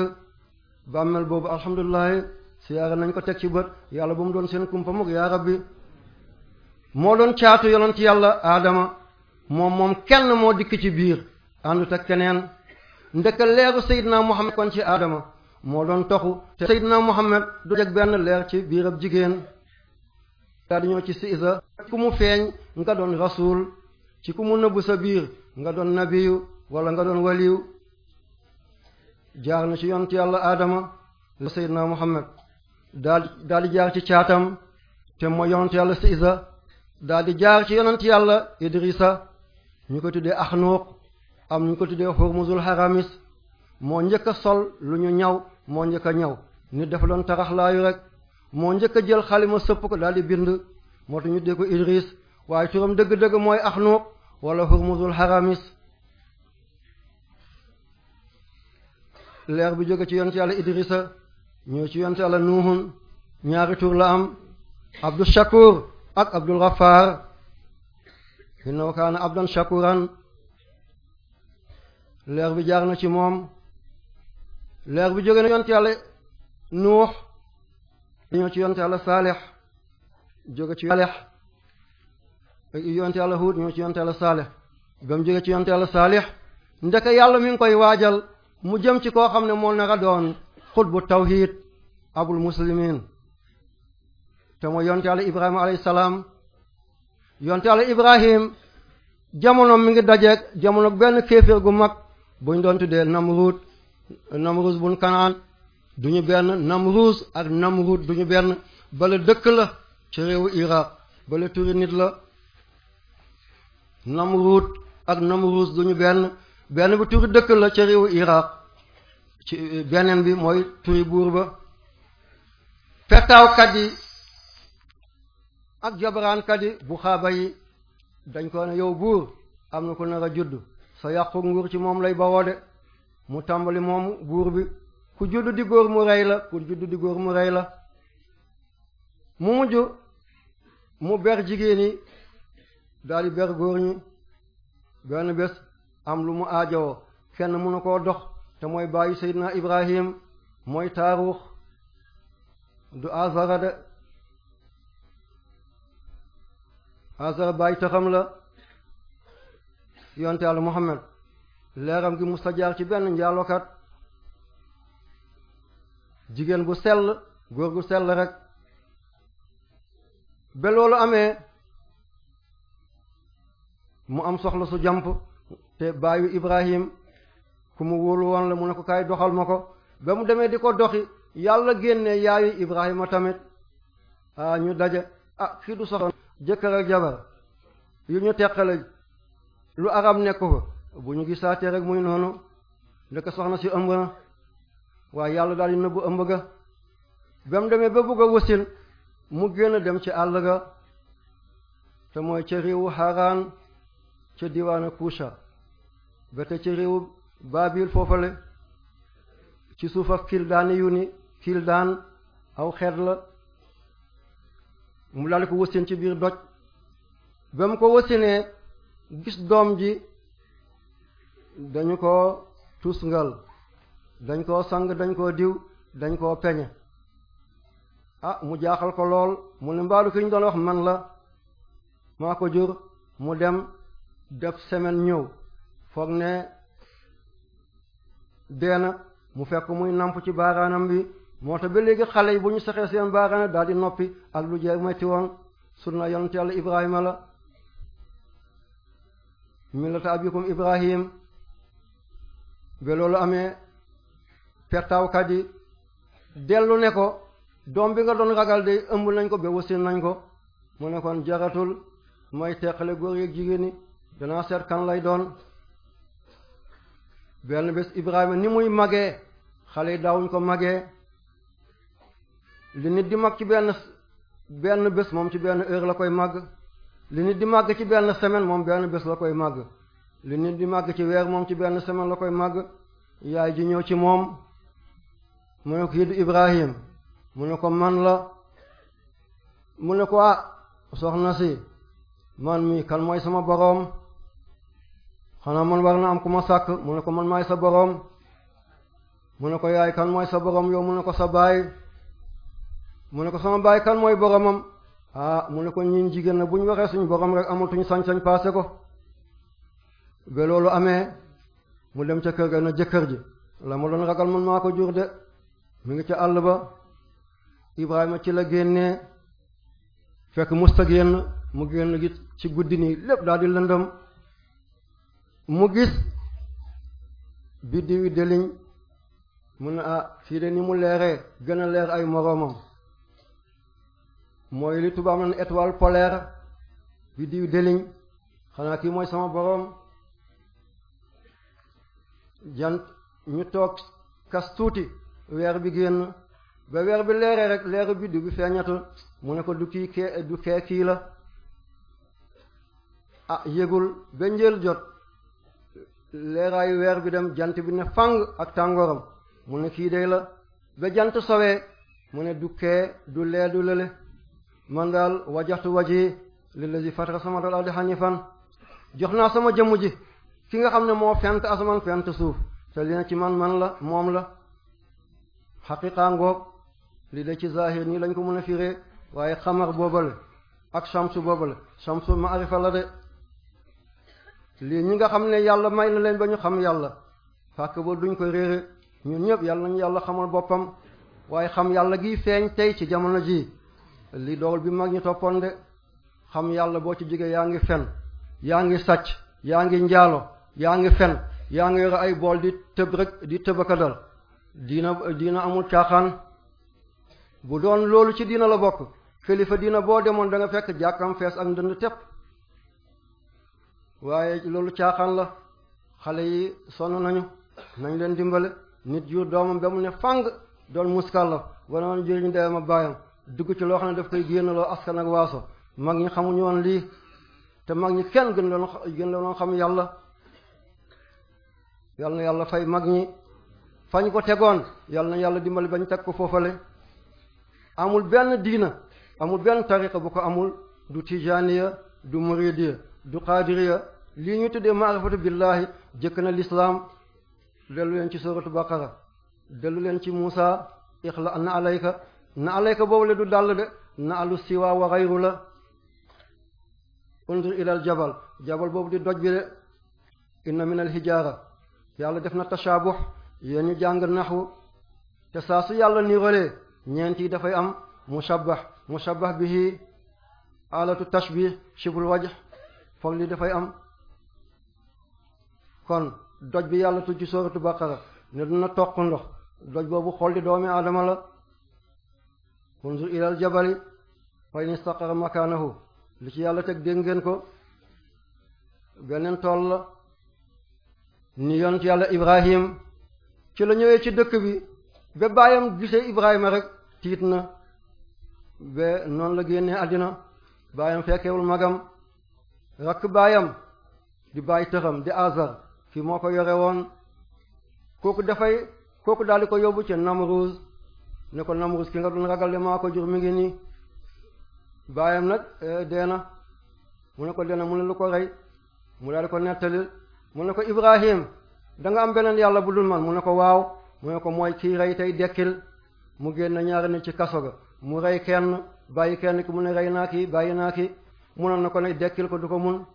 bàmmeel boobu alhamdulilah siyaara nañ ko teg ci bët yàlla bu mu doon seen kumpa mug yaa rabbi moo doon caatu yonent yàlla aadama moom moom kenn moo dikk ci biir àndut ak keneen ndeke leeru Seydina Muhammad kon ci aadama moo doon toxu te Seydina Muhammad du jeg benn leer ci biir ab jigéen daa ñëw ci siisa ku mu feeñ nga doon rasuul ci ku mu nëbbu sa biir nga doon nabiyu wala nga doon waliyu jaar na ci yonent yàlla aadama seydina muhammad daal daal di jaar ci caatam te mooy yonent yàlla siisa daal di jaar ci yonent yàlla idrisa ñu ko tuddee axnuuq am ñu ko tuddee xurmuzul haramis moo njëkk a sol lu ñu ñaw moo njëkk a ñaw nit dafa doon taraxlaayu rek moo njëkk jël xalima sëpp ko daal di bind moo tax ñu dee ko idris waaye turam dëgg-dëgg mooy axnuuq wala xurmuzul haramis leer bi jóge ci yonent yàlla Idrissa ñëw ci yonent yàlla Nuhun ñaari tur la am Abdou Shakur ak Abdul Ghaffar innahu kaana abdan shakuran leer bi jaar ci moom leer bi jóge na yonent yàlla Nuux ñëw ci yonent yàlla Salih jóge ci Salih yonent yàlla Hud ñëw ci yonent yàlla Salih ba mu jóge ci yonent yàlla Salih ndeke yàlla mi koy waajal mu jëm ci koo xam ne moo nar a doon bu tawhid abul muslimin te mooy yonte yàlla ibrahima alayhi salaam yonte yàlla ibrahim jamono mi ngi dajeeg jamono benn kéeféer gu mag buñ doon tuddee namruud namruus bun kanaan duñu benn namruus ak namruud ñu benn bala dëkk la ca réewu iraq bala turi nit la namruud ak namruus duñu benn benn bi turi dëkk la ca réewu Irak ci beneen bi mooy turi buur ba pettaawkat yi ak jabaraankat yi bu xaaba yi dañ ko ne yow buur am na ko nar a judd sa yàqu nguur ci moom lay bawoo de mu tàmbali moom buur bi ku judd di góor mu rey la ku judd di góor mu rey la mu mujj mu ber jigéen yi daal di ber góor ñi benn bés am lu mu aajowoo kenn mënu koo dox te mooy bàyyi Seydina Ibrahim mooy taaruux du azara de azara bàyyi taxam la yonte Yàlla Muhammad leeram gi musta ci benn njaalokat jigéen bu sell góor gu sell rek ba loolu amee mu am soxla su jàmp te baayu Ibrahim ku mu wóolu woon la mu ne ko kaay doxal ma ko ba mu demee di ko doxi yàlla génne yaayu Ibrahima tamit ah ñu daje ah kii du soxla jëkkër ak jabar yu ñu teqale lu aram nekk ko bu ñu gisaatee rek muy noonu ndeke soxna si ëmb na waaye yàlla daal di nëbbu ëmb ga ba mu demee ba bugg a wasin mu génn dem ci àll ga te mooy ca réewu Haraan ca diwaana Kuusha ba te ci réewu baabil foofale ci kiil daan yu ni daan aw xeet la mu daal ko wasin ci biir doj ba mu ko wëssinee gis doom ji dañu koo tusngal dañ koo sang dañ koo diw dañ koo peñe a ah, mu jaaxal ko lool mu ne mbaalu ki ñu doon wax man la maa ko jur mu dem def semaine ñëw foog ne dee na mu fekk muy namp ci baaraanam bi moo tax ba léegi xale yi bu ñu saxee seen baaraanam daal di noppi ak lu jeex metti woon sunna yonent yàlla ibrahima la millata abikum ibrahim ba loolu amee pertaawkat yi dellu ne ko doom bi nga doon ragal de ëmb nañ ko ba wasin nañ ko mu ne kon jaratul may teqale góor yeeg jigéen danaa seet kan lay doon benn bés Ibrahima ni muy mage xale yi daawuñ ko mage li nit di mag ci benn benn bés moom ci benn heure la koy màgg li nit di màgg ci benn semaine moom benn bés la koy màgg li nit di màgg ci weer moom ci benn semaine la koy màgg yaay ji ñëw ci moom mu ne ko yiddu Ibrahim mu ne ko man la mu ne ko ah soxna si man mi kan mooy sama borom xanaa man war na am ku ma sàkk mu ne ko man maay sa borom mu ne ko yaay kan mooy sa borom yow mu ne ko sa baay mu ne ko sama baay kan mooy boromam ah mu ne ko ñiin jigéen na bu ñu waxee suñu borom rek amatuñu sañ-sañ paase ko ba loolu amee mu dem ca kër ga na jëkkër ji la ma doon ragal man maa ko jur de mi ngi ca àll ba Ibrahima ci la génnee fekk musta génn mu génn gi ci guddi nii lépp daal di lëndëm mu gis biddiwi dëliñ mun na ah, fii de ni mu leeree gën a leer ay moroomam mooy li tubaab naan étoile polaire biddiwi dëliñ xanaa kii mooy sama boroom jant ñu toog kas tuuti weer bi génn ba weer bi leeree rek leeru biddiw bi feeñatu mu ne ko du kii kee kii la ah yëgul ba jot leeraayu weer bi dem jant bi ne fang ak tàngooram mu ne kii day la ba jant sowee mu ne du kee du lee du lële man daal wajaxtu waji lillazi fatara samatal ardi fan jox naa sama jëmm ji ki nga xam ne moo fent asamaan fent suuf te li na ci man man la moom la xaqiqa ngoog li de ci zahir nii lañ ko mën a fiire waaye xamar boobale ak shamsu boobale shamsu maarifa la de lii ñi nga xam ne yàlla may na leen ba ñu xam yàlla fàkk ba duñ ko réere ñun ñëpp yàlla nañu yàlla xamal boppam waaye xam yàlla gi feeñ tey ci jamono ji li dogal bi mag ñi toppoon de xam yàlla boo ci jigee yaa ngi fen yaa ngi sàcc yaa ngi njaalo yaa ngi fen yaa ngi yore ay bool di tëb rek di tëbakadal diina diina amul caaxaan bu doon loolu ci diina la bokk kilifa diina boo demoon da nga fekk jàkkam fees ak ndënd tepp waaye loolu caaxaan la xale yi sonn nañu nañ leen dimbale nit jur doomam ba mu ne fàng doon muskal la wane woon jëriñ dayam a baayam dugg ci loo xam ne daf koy génn loo askan ak waaso mag ñi xamuñu woon lii te mag ñi kenn gën loon gën loon xam yàlla yàlla na yàlla fay mag ñi fañ ko tegoon yàlla na yàlla dimbali bañ teg ko foofale amul benn diina amul benn tariqa bu ko amul du tijaaniya du muridiya du qadiriya li ñu tuddee maarifatu billaahi jëkk na lislaam dellu leen ci suratu baqara dellu leen ci Muusa ixla na alayka na alayka boobu le du dàll de na alu siwa wa xayru la undur ilal jabal jabal boobu di doj bi de inna min al hijaara yàlla def na tashaabux yéen ñu jàng naxwu te saa su yàlla nirolee ñeent yi dafay am mushabbah mushabbah bihi alatu tashbih shibul wajh foog li dafay am kon doj bi yàlla tudd ci sooratu baqara ne na toq ndox doj boobu xol di doomi aadama la unzur ilal jabali fa in istaqara makaanahu li ci yàlla teg dégg ko beneen tool la ni yonent yàlla ibrahim ci la ñëwee ci dëkk bi ba baayam gisee ibrahima rek tiit na ba noonu la génnee àddina baayam fekkewul magam rakk baayam di bàyyi tëxam di azar fi moo ko yore woon kooku dafay kooku daal di ko yóbbu ci Namrus ne ko Namrus ki nga doon ragal de maa ko jur mi ngi nii baayam nag eh, dee na mu ne ko dee mu ne lu ko rey mu daal di ko nettali mu ne ko Ibrahim da nga am beneen yàlla bu dul man mu ne ko waaw mu ne ko mooy kii rey tey dekkil mu génn ñaari nit ci kaso ga mu rey kenn bàyyi kenn ki mu ne rey naa ki bàyyi naa ki munoon na ko ne dekkil ko du ko mun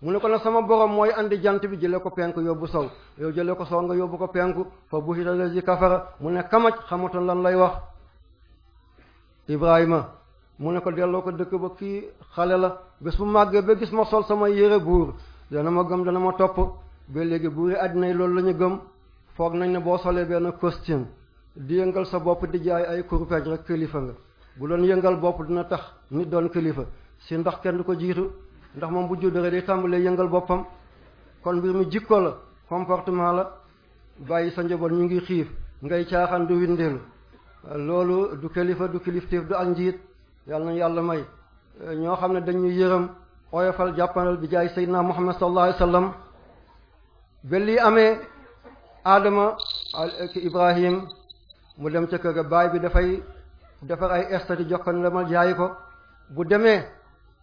mu ne ko na sama borom mooy andi jant bi jëlee ko penku yóbbu sow yow jëlee ko sow nga yóbbu ko penku fa buhita lazi kafara mu ne kamaj xamatoon lan lay wax Ibrahima mu ne ko delloo ko dëkk ba kii xale la bés bu màggee ba gis ma sol sama yére buur dana ma gëm dana ma topp ba léegi buuri àddina yi loolu la ñu gëm foog nañ ne boo solee benn costume di yëngal sa bopp di jaay ay kurpej rek kilifa nga bu doon yëngal bopp dina tax nit doon kilifa si ndax kenn du ko jiitu ndax moom bu juddoo rek day tàmbalee yëngal boppam kon mbir mi jikko la comportement la bàyyi sa njaboot ñu ngi xiif ngay caaxaan du windeelu loolu du kilifa du kilifteef du ak njiit yàlla may ñoo xam ne dañuy yërëm oyofal jàppanal bi jaay seydinaa muhammad sallallahu alayhi wasallam ba lii amee aadama ibrahim mu dem ca kër ga baay bi dafay defar ay estati jokkan demal jaayi ko bu demee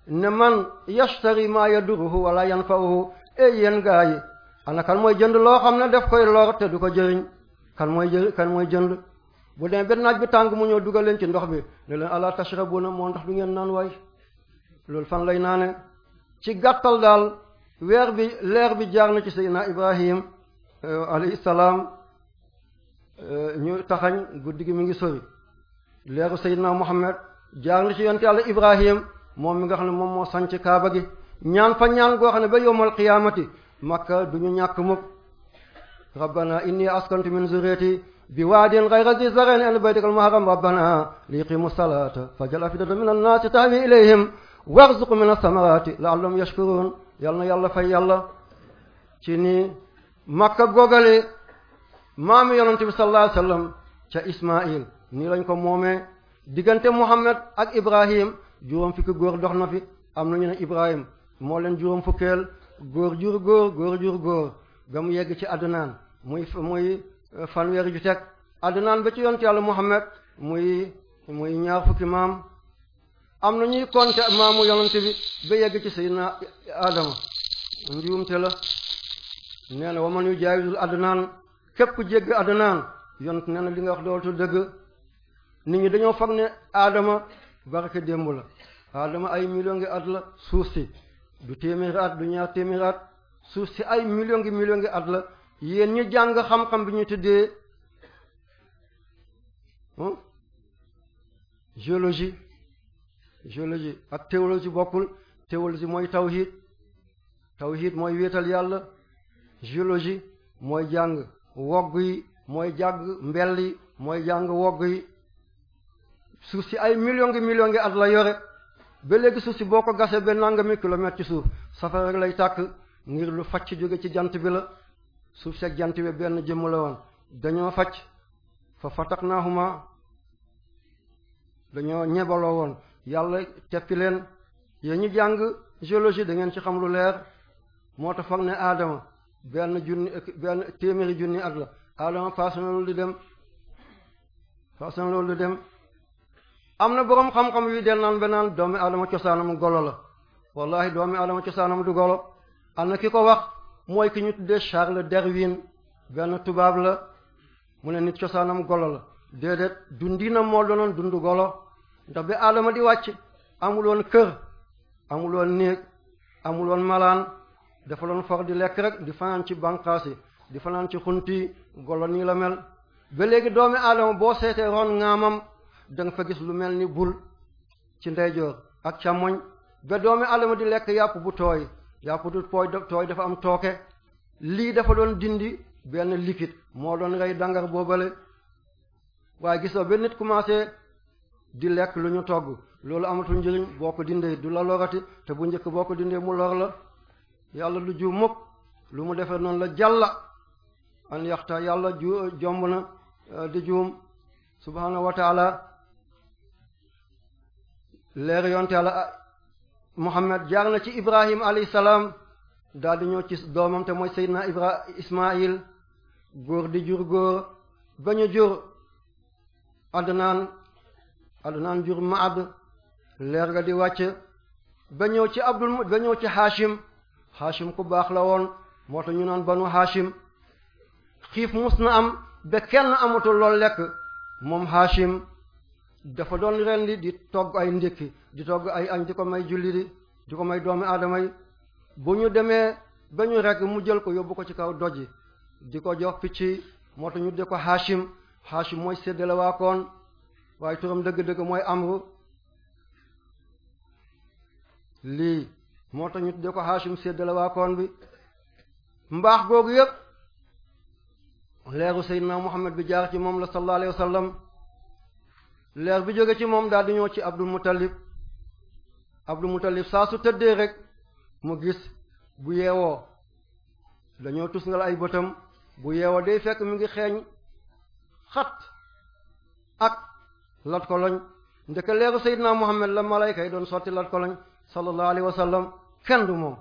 ne man yastari maa yaduruhu wala yanfa'uhu ey yéen gaa yi ana kan mooy jënd loo xam ne daf koy lor te du ko jëriñ kan mooy jëriñ kan mooy jënd bu demee benn naaj bi tàng mu ñëw dugal leen ci ndox bi ne leen ala tashrabuna moo ndox du ngeen naan waay loolu fan lay naane ci gàttal daal weer bi leer bi jaar na ci Seydina Ibrahim euh, alayhi salaam euh, ñu taxañ guddi gi mi ngi sori leeru Seydina Muhammad jaar na ci yonte Yàlla Ibrahim moom mi nga xam ne moom moo sanc kaaba gi ñaan fa ñaan goo xam ne ba yowmal qiyaamati makka du ñu ñàkk mukk rabbana inni askantu min zurriyati bi waadin ghayra zi zar'in inda baytikal muharram rabbana liqimu salata faj'al afidatan min an-naasi tahwi ilayhim warzuq min as-samarati la'allahum yashkurun yal na yàlla fay yàlla ci ni makka googale maami yonent bi sallallahu alayhi wasallam ca ismail nii lañ ko moomee diggante muhammad ak ibrahim juróom fukki góor dox na fi am na ñu ne Ibrahim moo leen juróom fukkeel góor jur góor góor jur góor ba mu yegg ci Adnaan muy muy euh, fanweeri ju teg Adnaan ba ci yonent Yàlla Muhammad muy muy ñaar fukki maam am na ñuy konte maamu yonent bi ba yegg ci Seydina Adama njuumte la nee na waman yu jaayizul Adnaan képp ku jégg Adnaan yonent li nga wax dool tu dëgg nit ñi dañoo foog ne Adama barke démb la aadama ay million ngi at la suuf si du téeméeri at du ñaar téeméeri at suuf si ay million ngi million ngi at la yéen ñu jàng xam-xam bi ñu tëddee géologie géologie ak théologie bokkul théologie mooy tawhid tawhid mooy wéetal yàlla géologie mooy jàng wogg yi mooy jàng mbell yi mooy jàng wogg yi suuf si ay million ngi million ngi at la yore ba léegi suuf si boo ko gasee ba nangami kilomètre ci suuf safara lay tàkk ngir lu facc jóge ci jant bi la suuf seeg jant bi benn jëmm la woon dañoo facc fa fataknaahuma dañoo ñebaloo woon yàlla teppi leen yéen ñu jàng géologie da ngeen ci xam lu leer moo tax foog ne aadama benn junni benn téeméeri junni at la aadama façon loolu di dem façon loolu dem am na boroom xam-xam yuy del naan benaan doomi adama cosaanam golo la wallahi doomi adama cosaanam du golo am na ki ko wax mooy ki ñu tuddee Charles Darwin benn tubaab la mu ne nit cosaanam golo la déedéet dundinam moo doonoon dundu golo ndax bi adama di wàcc amuloon kër amuloon néeg amuloon malaan dafa loon for di lekk rek di fanaan ci banqaas di fanaan ci xunti golo nii la mel ba léegi doomi adama boo seetee ron ŋaamam da fa gis lu mel ni bul ci ndeyjoor ak càmmoñ ba doomi adama di lekk yàpp bu tooy yàpp du pooy tooy dafa am tooke lii dafa doon dindi benn liquide moo doon rey dangar boobale waaye gisoo ba nit commencé di lekk lu ñu togg loolu amatul njëriñ boo ko dindee du la lorati te bu njëkk boo ko dindee mu lor la yàlla du ju mukk lu mu defee noonu la jàlla an yaxta yàlla ju jomb na di juum subhaanahu leer yonte yàlla Muhammad jaar na ci Ibrahim alayhi salaam daal di ñëw ci doomam te mooy Seydina Ibra góor di jur góor bañ a jur Adnaan Adnaan jur Maad leer ga di wàcc ba ñëw ci Abdul ba ci Hashim Hashim ku baax la woon moo tax ñu naan banu Hashim xiif mus na am ba kenn amatul lool lekk moom Hashim dafa doon rendi di togg ay ndékki di togg ay añ di ko may julli di di ko may doomi aadama yi bu ñu demee ba ñu rekk mu jël ko yóbbu ko ci kaw doj yi di ko jox picc yi ñu de ko Hashim mooy séddale waa koon mooy amru lii moo tax ñu de ko Hashim séddale waa koon bi mbaax googu yëpp leeru jaar ci moom la sallallahu alayhi wa leer bi jóge ci moom daal di ñëw ci Abdul Muttalib Abdul Muttalib saa su tëddee rek mu gis bu yeewoo dañoo tus ay bëtam bu yeewoo day fekk mi ngi xeeñ xat ak lat koloñ ndeke leeru Seydina Muhammad la malayka yi doon sotti lat koloñ sallallahu alayhi wa sallam kenn du moom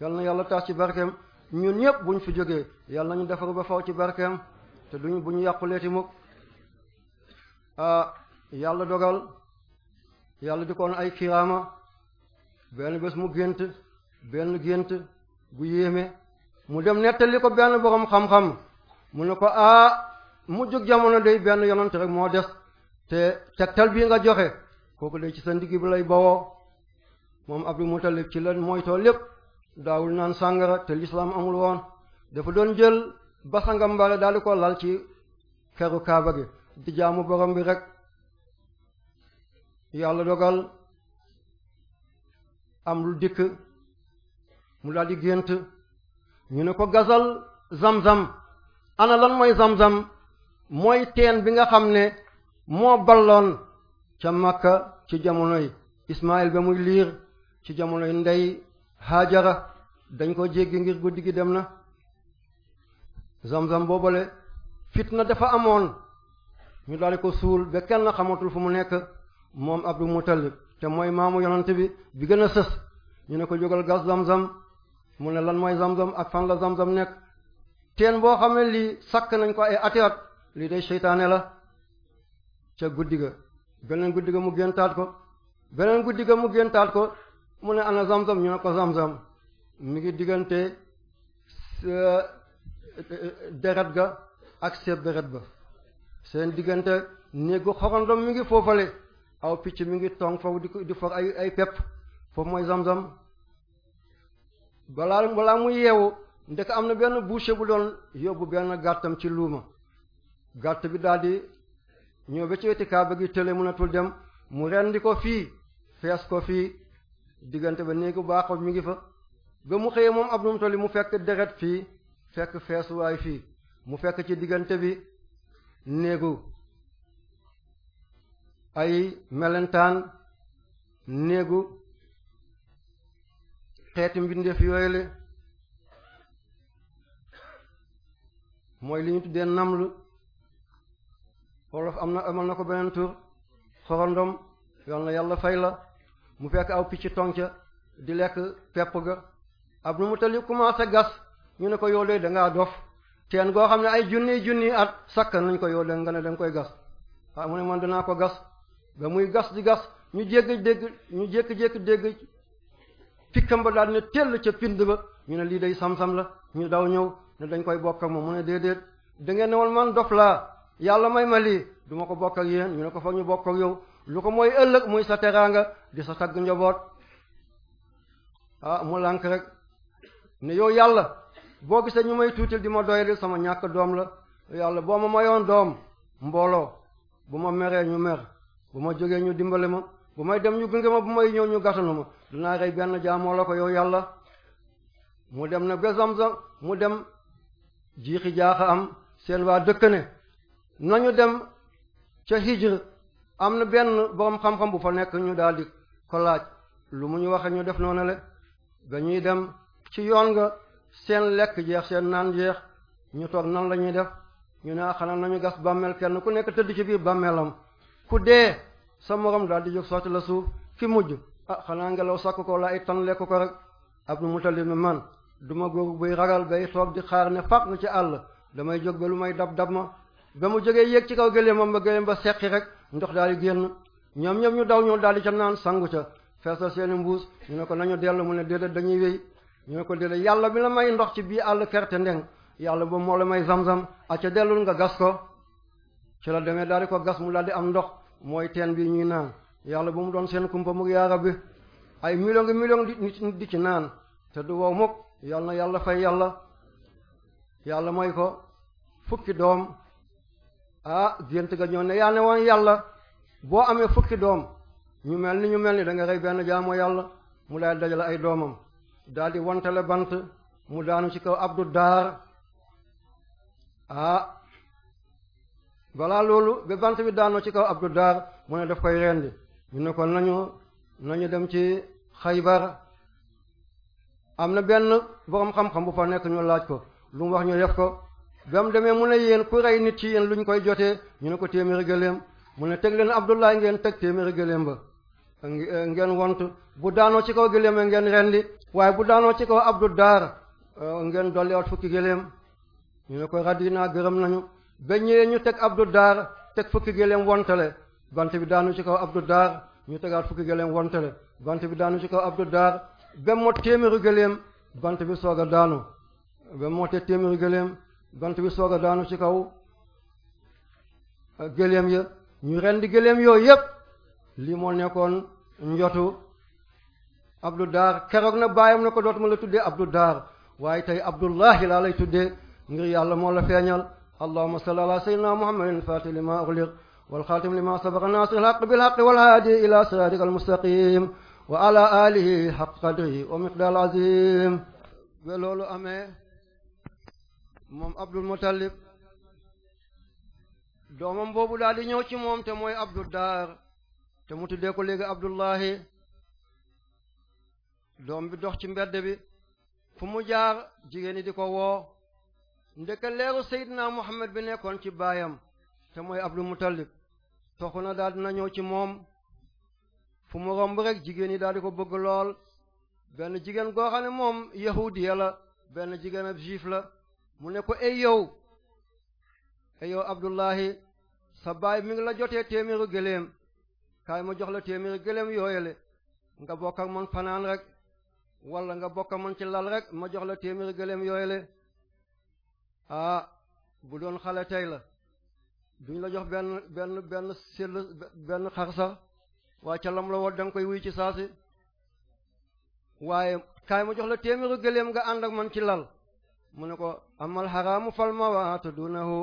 yal yàlla taas ci barkeem ñun ñëpp buñ fi jógee yàlla nañu defaru ba faw ci barkeem te duñ bu ñu yàquleeti mukk yàlla dogal yàlla di koon ay kiraama benn bés mu gént benn gént gu yéeme mu dem nettali ko benn borom xam-xam mu ne ko aa mu jóg jamono day benn yonent rek moo des te tegtal bii nga joxe kooku day ci sa ndigg bi lay bawoo moom mu Mutalib ci lan mooy too lépp daawul naan sàngara te lislaam amul woon dafa doon jël basangam bare daal di ko lal ci keru kaaba gi di jaamu borom bi rek yàlla dogal am lu dikk mu daal di gént ñu ne ko gasal zam-zam ana lan mooy samsam mooy teen bi nga xam ne moo balloon ca Makka ci jamonoy Ismaël ba muy liir ci jamonoy ndey xaajara dañ ko jéggi ngir guddi gi dem na zam-zam boobale fitna dafa amoon ñu daal ko suul ba kenn xamatul fu mu nekk moom Abdul Muttalib te mooy maamu yonante bi bi gën a sës ñu ne ko jógal gas zam-zam mu ne lan mooy zam-zam ak fan la zam-zam nekk teen boo xam ne lii sakk nañ ko ay ati at lii day seytaane la ca guddi ga beneen guddi ga mu géntaat ko beneen guddi ga mu géntaat ko mu ne ana zam-zam ñu ne ko zam-zam mi ngi diggante euh, deret ga ak seet deret ba seen diggante néegu xorondom mi ngi foofale aw picc mi ngi tong foofu di di for ay ay pepp foofu mooy zam-zam balaa balaa mu yeewu ndek am na benn buuse bu doon yóbbu benn gàttam ci luuma gàtt bi daldi ñëw ba ci weti kaaba gi tële mënatul dem mu rendi ko fii fees ko fii diggante ba néegu baaxob mi ngi fa ba mu xëyee moom ab numtali mu fekk deret fii fekk feesuwaay fii mu fekk ci diggante bi néegu ay melentaan néegu xeeti mbindeef yooyu le mooy li ñu tuddee namlu wolof am na amal na ko beneen tur xorondom yal na yàlla fay la mu fekk aw picc tonca di lekk pepp ga ab nu mu tali commencé gas ñu ne ko yow dangaa da dof teen goo xam ne ay junni junni at sakkan nañ ko yow da nga ne da koy gas waaye mu ne man danaa ko gas ba muy gas di gas ñu jégg dégg ñu jékki-jékki dégg pikkam ba daal ne tell ca pind ba ñu ne lii day sam-sam la ñu daw ñëw ne dañ koy bokk ak moom mu ne déedéet da ngeen ne woon man dof laa yàlla may ma lii du ma ko bokk ak yéen ñu ne ko foog ñu bokk ak yow lu ko mooy ëllëg muy sa teraanga di sa tagg njaboot ah mu lànk rek ne yow yàlla boo gisee ñu may tuutil di ma doyadil sama ñàkk doom la yàlla boo ma mayoon doom mbooloo bu ma meree ñu mer bu ma jógee ñu dimbale ma bu may dem ñu gunge ma bu may ñëw ñu gàttanu ma dinaa rey benn jaamoo la ko yow yàlla mu dem na ba mu dem jiixi jaaxa am seen waa dëkk ne nañu dem ca hijr am na benn borom xam-xam bu fa nekk ñu daal di ko laaj lu mu ñu waxee ñu def noonu la ba ñuy dem ci yoon nga seen lekk jeex seen naan jeex ñu toog nan la ñuy def ñu ne ah, xanaa nañu gas bàmmeel kenn ku nekk tëdd ci biir bàmmeelam ku dee sa morom daal di jóg sotti la suuf fi mujj a ah, xanaa ngelaw sakk ko la ay tan lekk ko rek Abdu Mutalib ne man duma góor buy ragal bay toog di xaar ne faq ci àll damay jóg ba lu may dab dab ma ba mu jógee yéeg ci kaw gëléemam ba gëléem ba seqi rek ndox daal di génn ñoom ñoom ñu daw ñu daal di ca naan sangu ca feesal seeni mbuus ñu ne ko nañu mu ne déedéet dañuy wéy ñu ne ko dele yàlla bi la may ndox ci bii àll kerte ndeng yàlla boobu moo la may zam-zam aca dellul nga gas ko ci la demee daal di ko gas mu daal di am ndox mooy teen bi ñuy naan yàlla bu mu doon seen kumpa mu yaara bi ay million ngi million di di ci naan te du wow mukk yàlla na yàlla fay yàlla yàlla may ko fukki doom ah gént ga ñoo ne yaa ne woon yàlla boo amee fukki doom ñu mel ni ñu mel ni da nga rey benn jaamu yàlla mu lay dajale ay doomam daldi wantale bant mu daanu ci kaw abdu daar ah balaa loolu ba bant bi daanoo ci kaw abdu daar mu ne daf koy rendi ñu ne ko nañu nañu dem ci xaybar am na benn boroom xam-xam bu fa nekk ñu laaj ko lu mu wax ñu def ko ba mu demee mu ne yéen ku rey nit ci yéen lu ñu koy jotee ñu ne ko téeméeri gëléem mu ne teg leen Abdullahi ngeen teg téeméeri gëléem ba ngeen wont bu daanoo ci kaw gëléem ngeen rendi waaye bu daanoo ci kaw abdu daar euh, ngeen dolli wat fukki géléem ñu ne ko radi naa gërëm nañu ba ñëwee ñu teg abdu daar teg fukki géléem wontale bant bi daanu ci kaw abdu daar ñu tegaat fukki géléem wontale bant bi daanu ci kaw abdu daar ba mot téeméeru géléem bant bi soog a daanu ba mootee téeméeru géléem bant bi soog a daanu ci kaw euh, géléem ya ñu rendi géléem yooyu yépp lii moo nekkoon njotu abdu daar keroog na baayam na ko dootuma la tuddee abdu daar waaye tey abdullahi laa lay tuddee ngir yàlla moo la feeñal allahumma salli ala sayyidina muhammadin fatih lima ughliq wal xaatim lima sabaqa naasir alhaq bilhaq wal haadi ila siratika almustaqim wa ala alihi haq qadri wa miqdaar azim ba loolu amee moom abdul muttalib doomam boobu daal di ñëw ci moom te mooy abdu daar te mu tuddee ko léegi abdullahi doom bi dox ci mbedd bi fu mu jaar jigéen ñi di ko woo ndeke leeru Seydina Muhammad bi nekkoon ci baayam te mooy Abdul Muttalib tox na daal dina ñëw ci moom fu mu romb rek jigéen ñi daal di ko bëgg lool benn jigéen goo xam ne moom yahudiya la benn jigéen ab juif la mu ne ko ey yow Abdullahi sa baay mi ngi la jotee téeméeru gëléem kaay ma jox la téeméeru gëléem yooyale nga bokk ak man fanaan rek walla nga bokk man ci lal rek ma jox la téeméeri gëléem yooyu le ah bu doon xale tey la duñ la jox benn benn benn sell benn xar sax waaye ca la woo da koy wuy ci saasi waaye kaay ma jox la téeméeri gëléem nga ànd ak man ci lal mu ne ko amal xaraamu fal mawaatu dunahu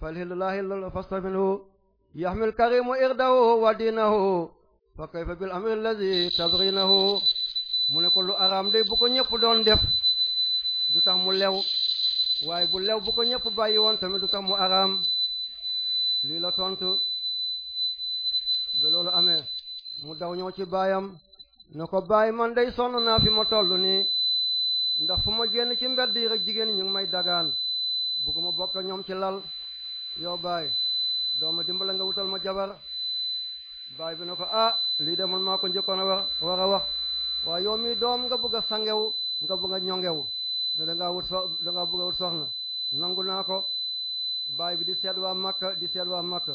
fal hillahi lal fastaminhu yaxmil karimu irdahu wa dinahu fa bil amri allazi tabrinahu mu ne ko lu araam day bu ko ñëpp doon def du tax mu lew waaye bu lew bu ko ñépp bàyyi woon tamit du tax mu araam lii la tontu ba loolu mu daw ñëw ci baayam ne ko baay man day sonn naa fi ma toll nii ndax fu ma génn ci mbedd yi rek jigéen ñu may dagaan bugguma bokk ñoom ci lal yow baay dooma dimbala nga wutal ma jabar baay bi ne ko ah lii de man maa ko njëkkoon a war wax waa yow mi doom nga bëgg a sangewu nga bëgg a ñongewu ne da wut soxna nangu naa ko baay bi di seet waa Makka di seet waa Makka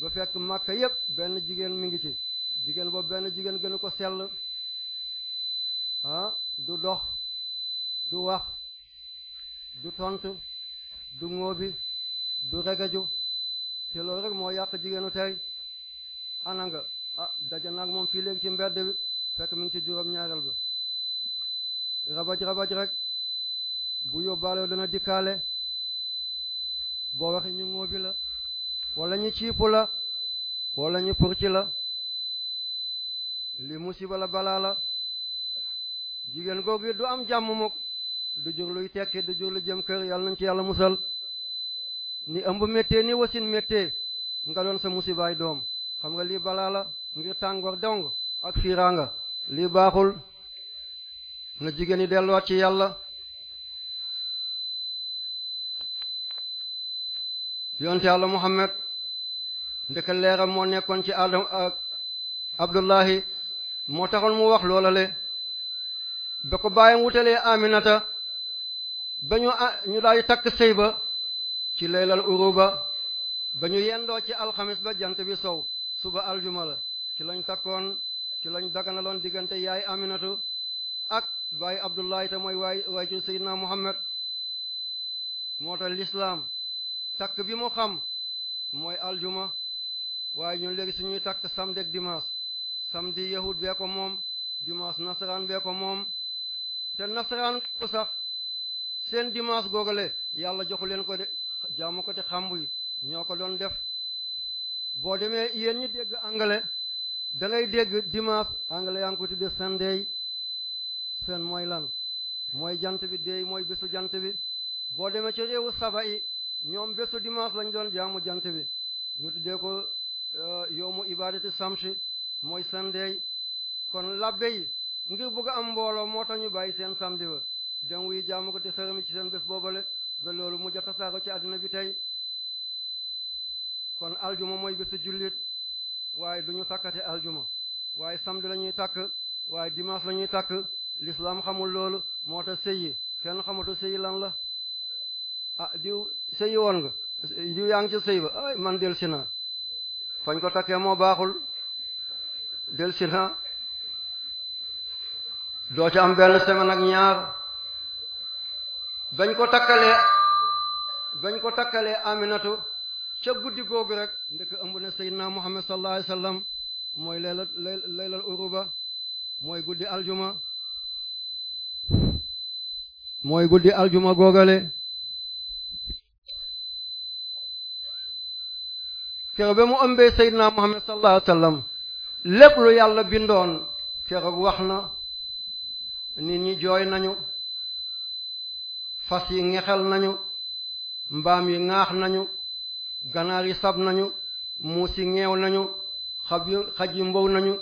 ba fekk Makka yépp benn jigéen mi ngi ci jigéen boobu benn jigéen gënu ko sell ah du dox du wax du tontu du ŋóobi du regaju te loolu moo yàq jigéenu tey ana nga ah, moom fii ci mbedd fekk mu ngi ci juróom ñaareel ba rabaj rabaj rek bu yóbbaale dana dikkaale boo waxee ñu ŋóobi la wala ñu ciipu la wala ñu purci la li musiba la balaa la jigéen googu du am jàmm mukk du jur luy tekki du lu jëm kër yàlla nañ ci yàlla musal ni ëmb méttee ni wasin méttee nga doon sa musibaay doom xam nga lii balaa la ngir tàngoor dong ak fiiraanga lii baaxul na jigéen yi delluwaat ci yàlla yonte yàlla Muhammad ndeke leeram moo nekkoon ci Adam Abdullahi moo taxoon mu wax loolale ba ko bàyyam wutalee Aminata ba ñu ah, ñu daay takk sëy ba ci leylal uruba ba ñu yendoo ci alxamis ba jant bi sow suba aljuma la ci lañ takkoon ci lañ daganaloon diggante yaay aminatu ak baay abdullahi te mooy waaye waay ci seydina muhammad moo tax lislaam takk bi mu xam mooy aljuma waaye ñun léegi suñuy takk samedi ak dimanche samedi yahud bee ko moom dimanche nasaraan bee ko moom te nasaraan ko sax seen dimanche googale yàlla joxu leen ko de jaamu ko te xambu yi ñoo ko doon def boo demee yéen ñi dégg angale da ngay dégg dimanche anglais yaa ci ko tuddee seen mooy lan mooy jant bi day mooy bésu jant bi boo demee ci réewu saba yi ñoom bésu dimanche lañu doon jaamu jant bi ñu tuddee ko euh, yowmu ibadati samshi mooy Sunday kon labbe yi ngir bëgg am mbooloo moo tax ñu bàyyi seen samedi ba dem wuy jaamu ko te xërami ci seen bés boobale ba loolu mu jot saa saako ci àddina bi tey kon aljuma mooy bésu jullit waaye du ñu takkate aljuma waaye samedi lañuy takk waaye dimanche lañuy takk l'islam xamul loolu moo tax sëyi kenn xamatu sëyi lan la ah diw sëyi woon nga diw yaa ngi ci sëy ba ay man del si naa fañ ko takkee moo baaxul del doo ci am benn semaine ak ñaar bañ ko takkalee bañ ko takkalee aminatu ca guddi googu rek ndëkk ëmb na seydina muhammad sallallahu alayhi mooy layla uruba mooy guddi aljuma mooy guddi aljuma googale keroog ba mu ëmbee seydina muhammad sallallahu alayhi wasallam lépp lu yàlla bindoon keroog wax na nit ñi jooy nañu fas yi ngexel nañu mbaam yi ŋaax nañu ganaar yi sab nañu muus yi ñeew nañu xab yu xaj yi mbow nañu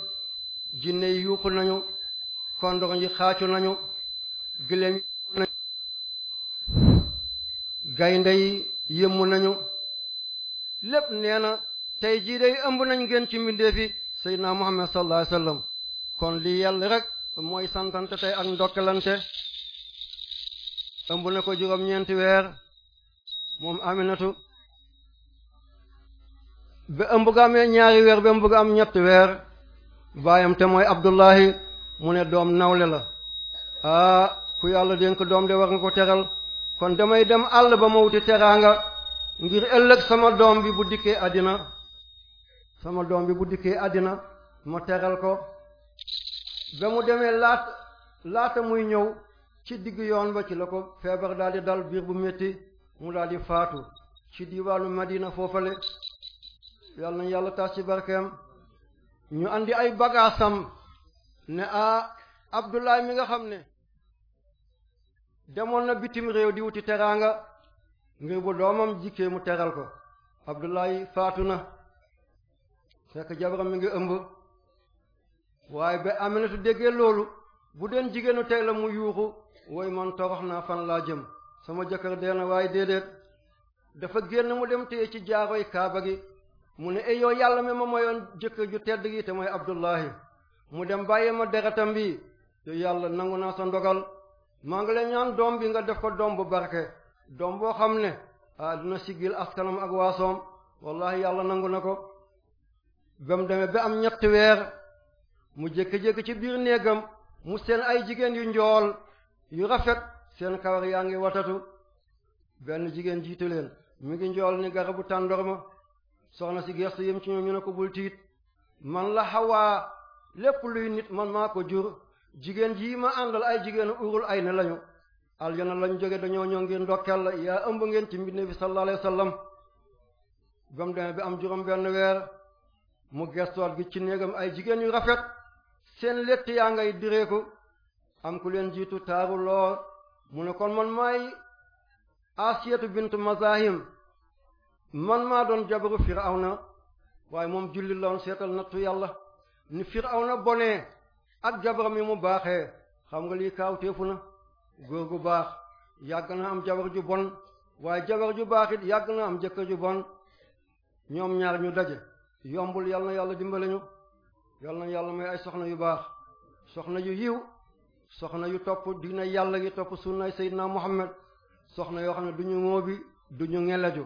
jinne yi yuuxu nañu kondor yi xaacu nañu giléem nañu gaynde yi yëmmu nañu lépp nee na tey jii day ëmb nañ ngeen ci mbindeef yi seydina muhammad sallallahu alayhi wasallam kon lii yàlla rek mooy santante tey ak ndokkalante ëmb na ko juróom ñeenti weer moom aminatu ba ëmb ga amee ñaari weer ba ëmb ga am ñetti weer baayam te mooy Abdullahi mu ne doom nawle la ah ku yàlla dénk doom de war nga ko teral kon damay dem àll ba ma wuti teraanga ngir ëllëg sama doom bi bu dikkee àddina sama doom bi bu dikkee àddina ma teral ko damu mu demee laata laata muy ñëw ci digg yoon ba ci la ko feebar daal di dal biir bu metti mu daal di faatu ci diwaanu Madina foofale yàlla nañu yàlla taas ci barkeem ñu andi ay bagaasam ne a Abdoulaye mi nga xam ne demoon na bitim réew di wuti teraanga ngir bu doomam jikkee mu teral ko Abdoulaye faatu na fekk jabaram mi ngi ëmb waaye ba Aminatu déggee loolu bu doon jigéenu tey la mu yuuxu woy man torox naa fan laa jëm sama jëkkër dee na waaye déedéet dafa génn mu dem téye ci jaaroy kaaba gi mu ne e yow yàlla mi ma mayoon jëkkër ju tedd gi te mooy Abdullahi mu dem bàyyi ma deretam bi yow yàlla nangu naa sa ndogal maa ngi leen ñaan doom bi nga def ko doom bu barke doom boo xam ne ah dina siggil askanam ak waasoom wallahi yàlla nangu na ko ba mu demee ba am ñetti weer mu jékki-jékki ci biir néegam mu seen ay jigéen yu njool yu rafet seen kawar yaa ngi watatu benn jigéen jiitu leen mi ngi njool ni garabu tàndorma soxna si gestu yem ci ñoom ñu ne ko bul tiit man la xawaa lépp luy nit man maa ko jur jigéen jii ma àndal ay jigéenu urul ay ne lañu aljana lañu jóge dañoo ñoo ngeen ndokkeel yaa ëmb ngeen ci mbindeef bi sallallahu alayhi wasallam ba mu bi am juróom benn weer mu gestuwaat gi ci néegam ay jigéen yu rafet seen létt yaa ngay direeku am ku leen jiitu taaru lool mu ne kon man maay asiyatu bintu mazahim man maa doon jabaru firawna waaye moom jullit la woon seetal nattu yàlla ni firawna bonee ak jabaram yi mu baaxee xam nga lii kaaw teefu na góor gu baax yàgg na am jabar ju bon waaye jabar ju baaxit yàgg na am jëkkër ju bon ñoom ñaar ñu daje yombul yal na yàlla dimbale ñu yal na yàlla may ay soxna yu baax soxna yu yiw soxna yu topp dina yàlla gi topp sunnaay Seydina Muhammad soxna yoo xam ne du ñu ŋóobi du ñu ŋeleju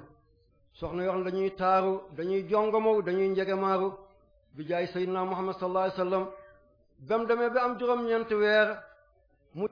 soxna yoon dañuy taaru dañuy jongomaw dañuy njegemaaru bi jaay sayyidina Muhammad sallallahu alayhi wasallam bam demee bi am juróom-ñeenti weer